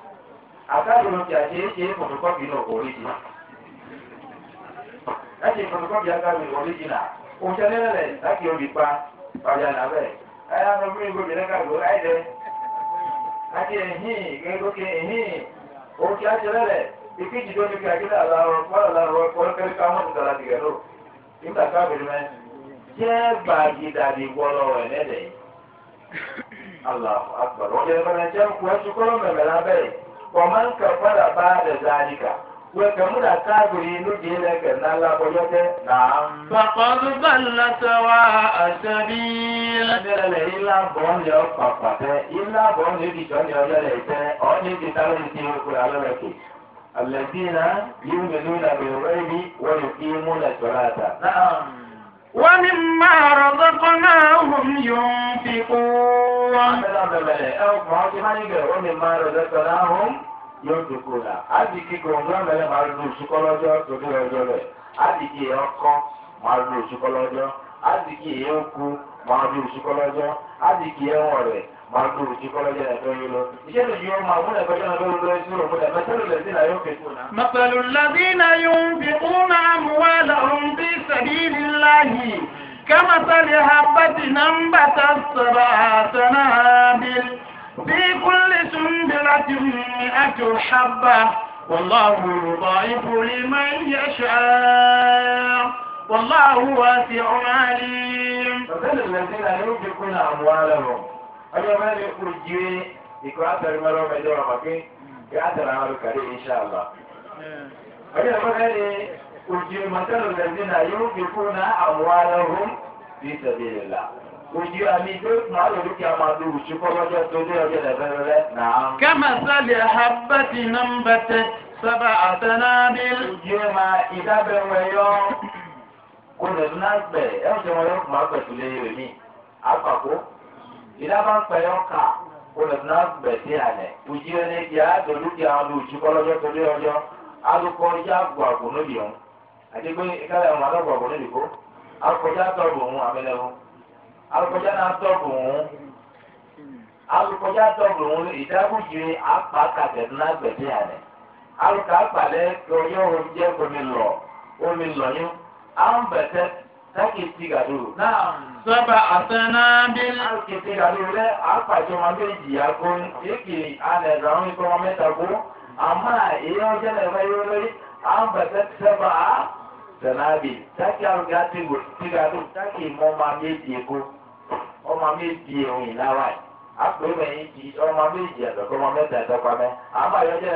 akabiri kya kyekye fotokopi n'okuoligina kati fotokopi akabiri oligina okyalelele laki obipa palyanabe ayanomulingo binekago aide kati ehi gengoke ehi okyatelele ikijidonike akidalaro kwalalaro kolekelekamwe tutalatigero imtakabiri me jẹ́ gbàgídàdì wọlọ́wọ́ ẹ̀lẹ́dẹ̀ẹ́ Allahu akbar wajen mana can kuwa shi kuma mai malabai wa man kafara ba da zalika wa kamu da kafiri nuke da ganna Allah ko yote na'am fa qad dalla sawa asabil dala la illa bon yo papate illa bon yo di jon yo le ite oni di talo di ti ko ala le ki alladina yu'minuna bil ghaibi wa yuqimuna salata na'am ومما رزقناهم ينفقون ومما رزقناهم ينفقون àti kí gbọ̀ngàn mẹ́lẹ̀ máa lu oṣùkọ́ lọ́jọ́ torí ọjọ́ rẹ̀ àti kí èèyàn kọ́ máa lu oṣùkọ́ lọ́jọ́ àti kí èèyàn kú máa lu oṣùkọ́ lọ́jọ́ àti kí èèyàn wọ̀ rẹ̀. معذور جبل جاء مثل الذين ينفقون أموالهم في سبيل الله كمثل حبة أنبتت سبع سنابل في كل سنبلة مئة حبة والله يضاعف لمن يشاء والله واسع عليم مثل الذين ينفقون أموالهم ọjọ́ máa ní kú jí ìkọ́ àtàrí máa lọ́wọ́ ẹjọ́ ọmọ pé yóò àtàrà àwọn olùkàdé ìṣàlá. ọjọ́ ìfọ́nà ni òjì mọ̀tẹ́lù lẹ́sìnà yóò fi kú ná àwọn aláwọ̀ bí sẹ̀bìlì là. òjì àmì tó máa lòdì kí a máa lo òṣù kọ́ lọ́jọ́ tó dé ọjọ́ ìdàgbẹ́rẹ́rẹ́ náà. kama sali habati nambate saba atanabil. òjì máa ìdábẹ̀wẹ̀ yọ kó lẹ́sìn náà gbẹ̀ ẹ̀ ìdábàá pẹ̀lú ọkà olùdókòwò bẹ̀sí àlẹ̀ ojú ẹni di àádọ́lù di àwọn olùjú kọ́lọ́jọ́ torí ọjọ́ alùpọ̀ ọjọ́ àgbò àgbò lóbi ọ̀hún àti pé ìkàlẹ̀ ọ̀hún alọ́gbọ̀ àgbò lóbi kó alùpọ̀já tọ̀bù ọ̀hún abẹ́lẹ́wọ̀n alùpọ̀já náà tọ̀bù ọ̀hún alùpọ̀já tọ̀bù ọ̀hún ìdábùjì omi lọ omi lọ yín Sábà àtẹná bí. Àkìtì àdúró lẹ́ àpàjọ máa ń gbé ìjìyà gbóni. Èkì alẹ̀ ìdàrún ikọ̀ wọn mẹ́ta gbó. Àmọ́ èyí wọ́n jẹ́ lẹ́fẹ́ yóò lórí. Àwọn bẹ̀tẹ̀ sábà á sẹ̀nàbì. Táàkì àrùgá ti wò sí gàdú. Táàkì mọ́ máa méjì èkó. Ọmọ méjì èhùn ìláwà. Àpò ìwẹ̀ yìí di ọmọ méjì ẹ̀dọ̀kọ́ ọmọ mẹ́ta ẹ̀dọ̀kọ́ mẹ́. Àmọ́ àyọ̀jẹ́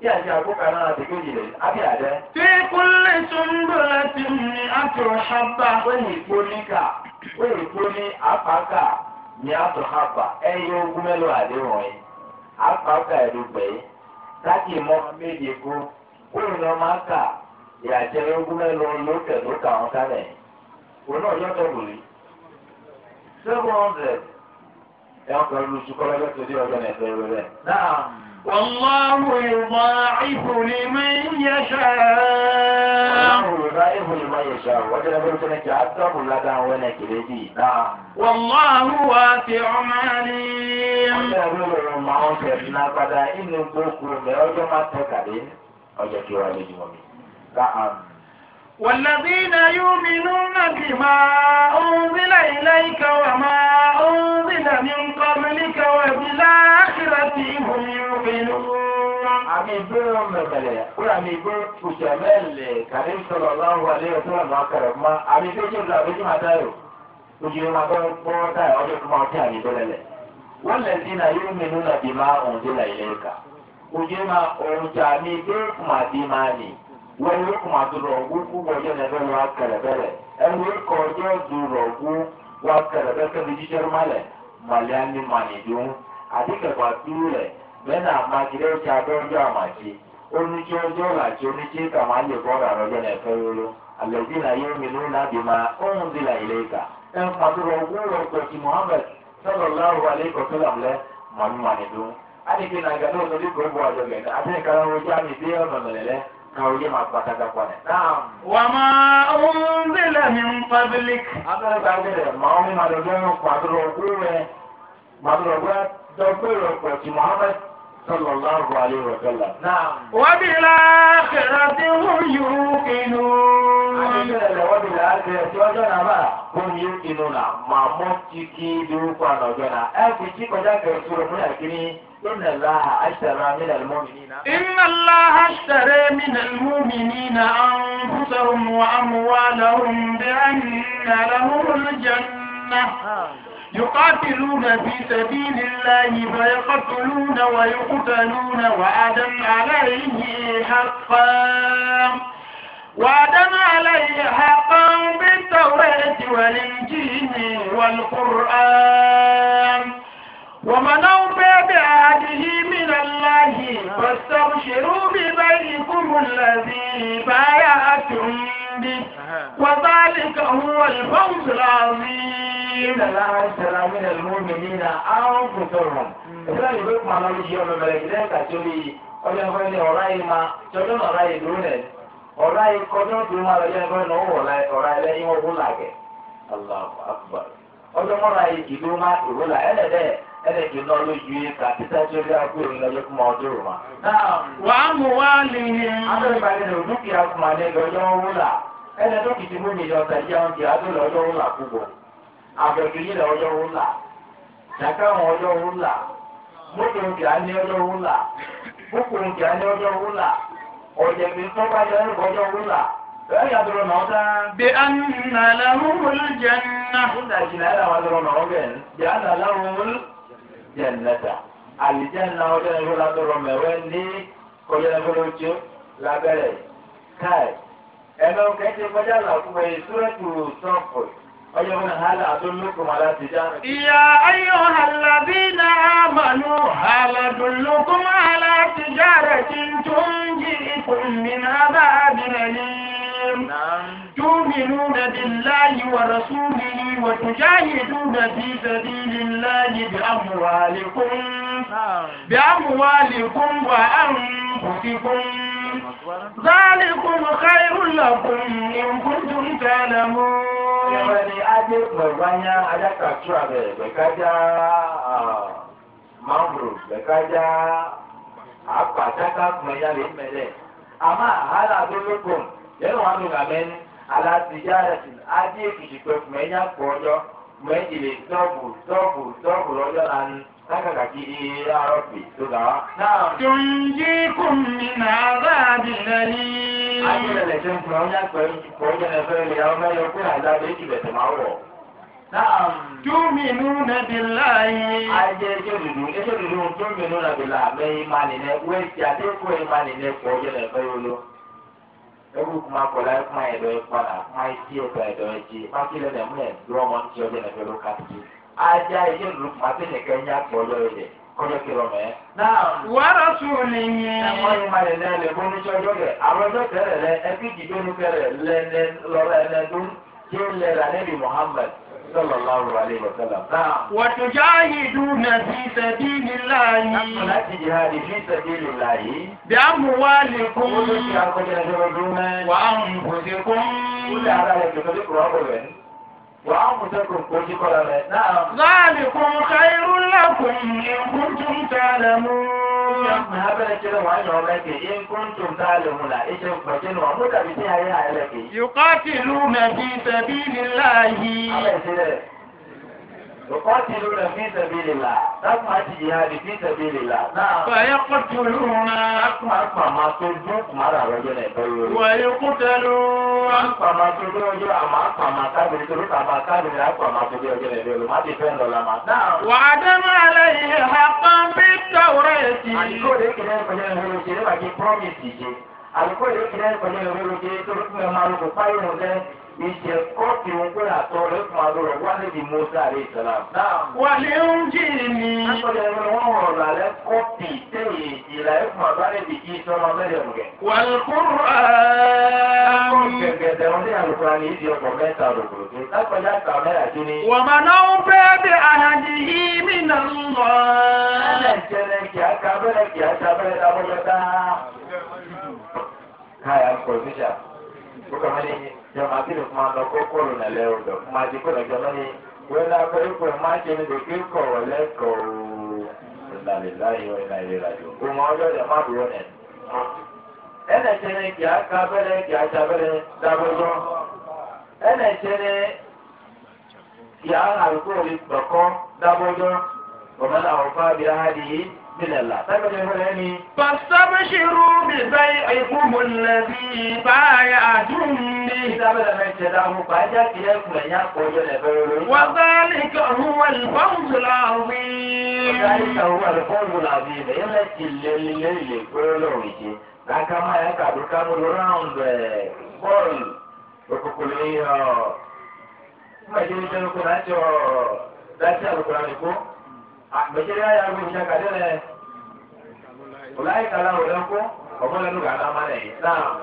Fi kúnlẹ̀ sọ́ńdọ̀lá ti ní àtọ̀ ṣàbà. Wọ́n yìí kú ní ká, wọ́n yìí kú ní àpáká ní àtọ̀ ṣàbà. Ẹyin ogún mẹ́lòó àdéhùn yìí. Àpáká ẹ̀dùgbẹ́ yìí. Láti mọ́ méje kú. Wọ́n yìí máa kà ìyàjẹ́ ogún mẹ́lòó lókè lókè àwọn kálẹ̀ Òun náà yọ̀tọ̀ lórí. Seven hundred. Ẹ̀wọ̀n kan lu dé والله يضاعف لمن يشاء يضاعف لمن يشاء وجل بركنك حتى ولا دعوانا كبيتي والله واسع عليم ọjọ́ máa tẹ́ka dé ọjọ́ kí wọ́n lè jùmọ̀ والذين يؤمنون بما أنزل إليك وما أنزل من قبلك وبالآخرة هم يوقنون àmì ìgbéró mẹ̀tẹ̀lẹ̀ kúrò àmì ìgbé kùsẹ̀mẹ́lẹ̀ kàdé sọ̀rọ̀ láwọn alẹ́ ọ̀tún ọ̀nà akẹrẹ̀ mọ́ àmì ìgbé jẹ́ ìlú àbẹ́jú máa dáyọ̀ ojú ni máa bẹ́ẹ̀ gbọ́ dáyọ̀ ọjọ́ tó máa tẹ́ àmì ìgbélẹ̀lẹ̀ wọ́n lẹ̀ sí náà yóò mẹ́nu náà bí máa òun dé là ilé ìka ojú ni máa òun jà ní ìgbé kùmà bí máa nì wani yɛ kuma do rɔbu ku wɔ yɛ nɛ bɛ wa kɛlɛ bɛ lɛ ɛnu yɛ kɔ yɛ do rɔbu wa kɛlɛ bɛ kɛlɛ ma lɛ malia ni mani dun ati kɛkɔ duru lɛ bɛ na ma ti dɛ tsa dɔ yɔ a ma tsi onitsi ɔjɔ la tsi onitsi kama yɛ kɔ ra rɔ yɛ nɛ fɛ yolo alɛbi na yɛ minnu na bi ma ɔhun di la yɛlɛ ka ɛn kuma do rɔbu wɔ kɔti muhammed sɔlɔlɔ wa ale kɔtɔ la lɛ mani mani dun ali bi na gado n'oli kɔ bɔ a jɔ kan orí máa gbàdàgbà padà. wà á máa ń bèlè mi ń pàbílík. abẹ́rẹ́gbà bẹ̀rẹ̀ màá máa lọ lọ́rùn pàdúrà ọ̀gbẹ́rẹ́ pàdúrà ọ̀gbẹ́rẹ́ pẹ̀tì Muhammad. صلى الله عليه وسلم نعم وبالآخرة هم يوقنون وبالآخرة هم يوقنون ما ممتكي دوقنا وجنا أكي كذا كرسول من إن الله اشترى من المؤمنين إن الله اشترى من المؤمنين أنفسهم وأموالهم بأن لهم الجنة آه. يقاتلون في سبيل الله فيقتلون ويقتلون وعدا عليه حقا وعدا عليه حقا بالتوراة والإنجيل والقرآن ومن أوفى بعهده من الله فاستبشروا ببيتكم الذي بايعتم عبدي وذلك هو na العظيم لا أنزل من المؤمنين أنفسهم إذا يبقى معنا يوم الملائكة تولي ọjọ́ ìfẹ́ ni ọ̀rá yìí máa tọ́jú ọ̀rá yìí dúró nẹ̀ ọ̀rá yìí kọjú ọ̀dún na ẹni tó kìí ti mú mi lọ tàyí àwọn kìí adó lọ ọjọ́ ńlá púpọ̀ àbẹ̀kì yìí lọ ọjọ́ ńlá dàkà àwọn ọjọ́ ńlá mọ́tò ń kìí ní ọjọ́ ńlá púpọ̀ ń kìí ní ọjọ́ ńlá ọ̀jẹ̀ mi tó bá yẹ ẹnu ọjọ́ ńlá lẹ́yìn àdúrà náà dá. bí a ń nà lẹ́hùn jẹ́nà. nígbà ìjìnlẹ̀ ẹ̀rọ àwọn àdúrà náà bẹ̀ bí a nà lẹ́hùn jẹ́nà dà àlìjẹ́nà ọjọ́ ìrọ̀lá dọ̀rọ̀ mẹ́wẹ́ ní kọjá ìrọ̀lá ojú lábẹ́rẹ̀ káì ẹ̀rọ kẹ́kẹ́ kọjá làkúwẹ̀ ìsúrẹ́tù sọ́ọ̀pù. يا أيها الذين آمنوا هل أدلكم على تجارة تنجيكم من عذاب أليم تؤمنون بالله ورسوله وتجاهدون في سبيل الله بأموالكم بأموالكم وأنفسكم ذلكم خير لكم إن كنتم تعلمون. Ìyẹn ni Adé Gbọ̀gbáyá Adákàtú àbẹ̀ Bẹ̀kájá Mángòrò Bẹ̀kájá Apàtákà Gbọ̀nyá lè mẹ́lẹ̀. Àmọ́ àhálà ló lókun, yẹ́n wàá mi rà mẹ́ni alátìjáàtì adé èkìtì pé mẹ́nyà pọ̀ ọjọ́ mẹ́jìlè tọ́ọ̀bù tọ́ọ̀bù tọ́ọ̀bù lọ́jọ́ lánàá lákàkà kí iye àárọ̀ pè tó gà wá. Jòǹjì kò mìíràn àbáàbí lẹ́lí. Ayélujára ṣe ń fún ọjà pẹ̀lú ìpò ọjà ẹ̀fẹ́ rẹ̀ ọmọ ẹ̀yọ pé àdá méjì bẹ̀tẹ̀ máa wọ̀. Túmínú nàbí láàyè. Ajẹ́ ẹjọ́ dùdú ẹjọ́ dùdú túmínú nàbí láàmẹ́yìn máa nìyẹn wẹ́ẹ̀sì adékòó ẹ̀ máa nìyẹn pọ̀ ọjà ẹ̀fẹ́ yóò lọ ewu kuma kɔla kuma yɛ dɔ yɛ kpala kuma yɛ ti yɛ ta yɛ dɔ yɛ ti paki lɛ nɛ mu yɛ drɔ mɔ ŋuti ɔbɛ nɛ fɛ lɛ ka ti adza yɛ lulu kuma te ne kɛ nya kpɔ lɛ yɛ kɔjɔ kiri ɔmɛ. wɔɔrɔ suwuli nye. ɛmɔ yi ma lɛ lɛ bo nutsɔ jɔ kɛ alo jɔ tɛ lɛ lɛ ɛfi didi onu kɛ lɛ tí o lɛ la صلى الله عليه وسلم وتجاهدون في سبيل الله الجهاد في سبيل الله بأموالكم وأنفسكم ذلكم خير لكم إن كنتم تعلمون يقاتلون في سبيل الله يقاتلون في سبيل الله نسمع جهاد في سبيل الله فيقتلون أسمع أسمع ما تدوك مرة رجل ويقتلون أسمع ما تدوك رجل أما أسمع ما تدوك تدوك أما تدوك أسمع ما تدوك رجل ما تفند لما وعدم عليه حقا في التوراة أشكر لك لأنه يقول لك لكن بروميس يجي أشكر لك لأنه يقول لك لكن بروميس يجي ìṣe kọ́ọ̀tì ń pẹ́ àtọ́ rẹ̀ fún alóore wá níbi Musa àlẹ́ ìsọ̀lá. wà ní oúnjẹ mi. látọ̀dọ̀ ẹni wọ́n rọ̀ lálẹ́ kọ́ọ̀tì tẹ̀yìn ìlà ẹ̀ fún abá níbi kí sọ́mọ mẹ́rẹ̀ mùgẹ̀. wà á kúrò ààrùn. kọ́ọ̀tì gẹ̀gẹ̀dẹ̀ wọn ní àlùkò àná ìdí ọkọ̀ mẹ́ta lòkòrò tó látọ̀dọ̀ àtà mẹ́rẹ̀ àti ní. wà má náà ń fẹ́ bí àhàjì yìí mí nà ń lọ. káyà ń pọ̀ jama kiri kuma lọ kó kóòlù nà lẹ ọdọ kuma di kó lọjọ lọni wọn náà kọ ikú ẹ má ṣe ní kékeré kọ wọlé kọ ooo ìlàlẹ láyé wọn ìlànà ìlera jù ọmọ ọjọ rẹ má dúró nẹ. ẹnẹ ṣe ni kì á ka abẹrẹ kì ene ṣe abẹrẹ dábọjọ ẹnẹ ṣe ni kì á àlùkò rí gbọkọ dábọjọ o Fàṣọ́bíṣirú bí báyìí ẹ̀kúmù lẹ́bí báyà àdúmí. Wàbálì kọ̀ọ̀hún wà lùfọ́ǹsù láàbí. Wàbálì kọ̀ọ̀hún wà lùfọ́ǹsù láàbí. Bẹ́ẹ̀ lẹ́tì lélẹ̀ lè gbọ́rọ̀ lọ́rùn ìṣe. Kàkà máa yẹ kàdú kámú ráùndù ẹ̀ bọ́ọ̀lù. Òkùnkùn lè yọ. Mọ̀jẹ̀ ní sẹ́nu kò náà ti ọ̀ dáṣẹ́ àlùkò àlùkò. Àgbẹ̀jẹ̀ yá yà أولئك لا أولئك وما لنوك على أمان نعم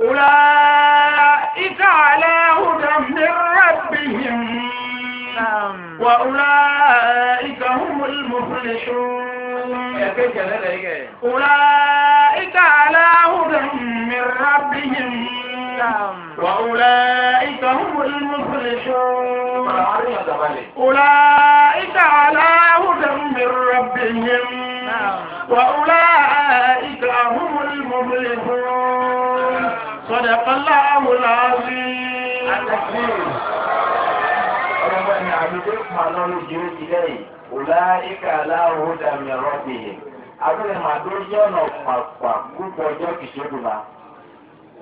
أولئك على هدى من ربهم وأولئك هم المفلحون أولئك على هدى من ربهم وأولئك هم المفلحون أولئك على هدى من ربهم وأولئك هم المفلحون صدق الله العظيم ọlọ́gbọ́n ni àbíkú kan náà ló jẹ́ ti lẹ́yìn ọ̀la ìka aláwọ̀ dàmì ọ̀rọ̀ bìyẹn abúlé màdó yọ̀nà pàpà púpọ̀ ọjọ́ kìsọ́dùnà.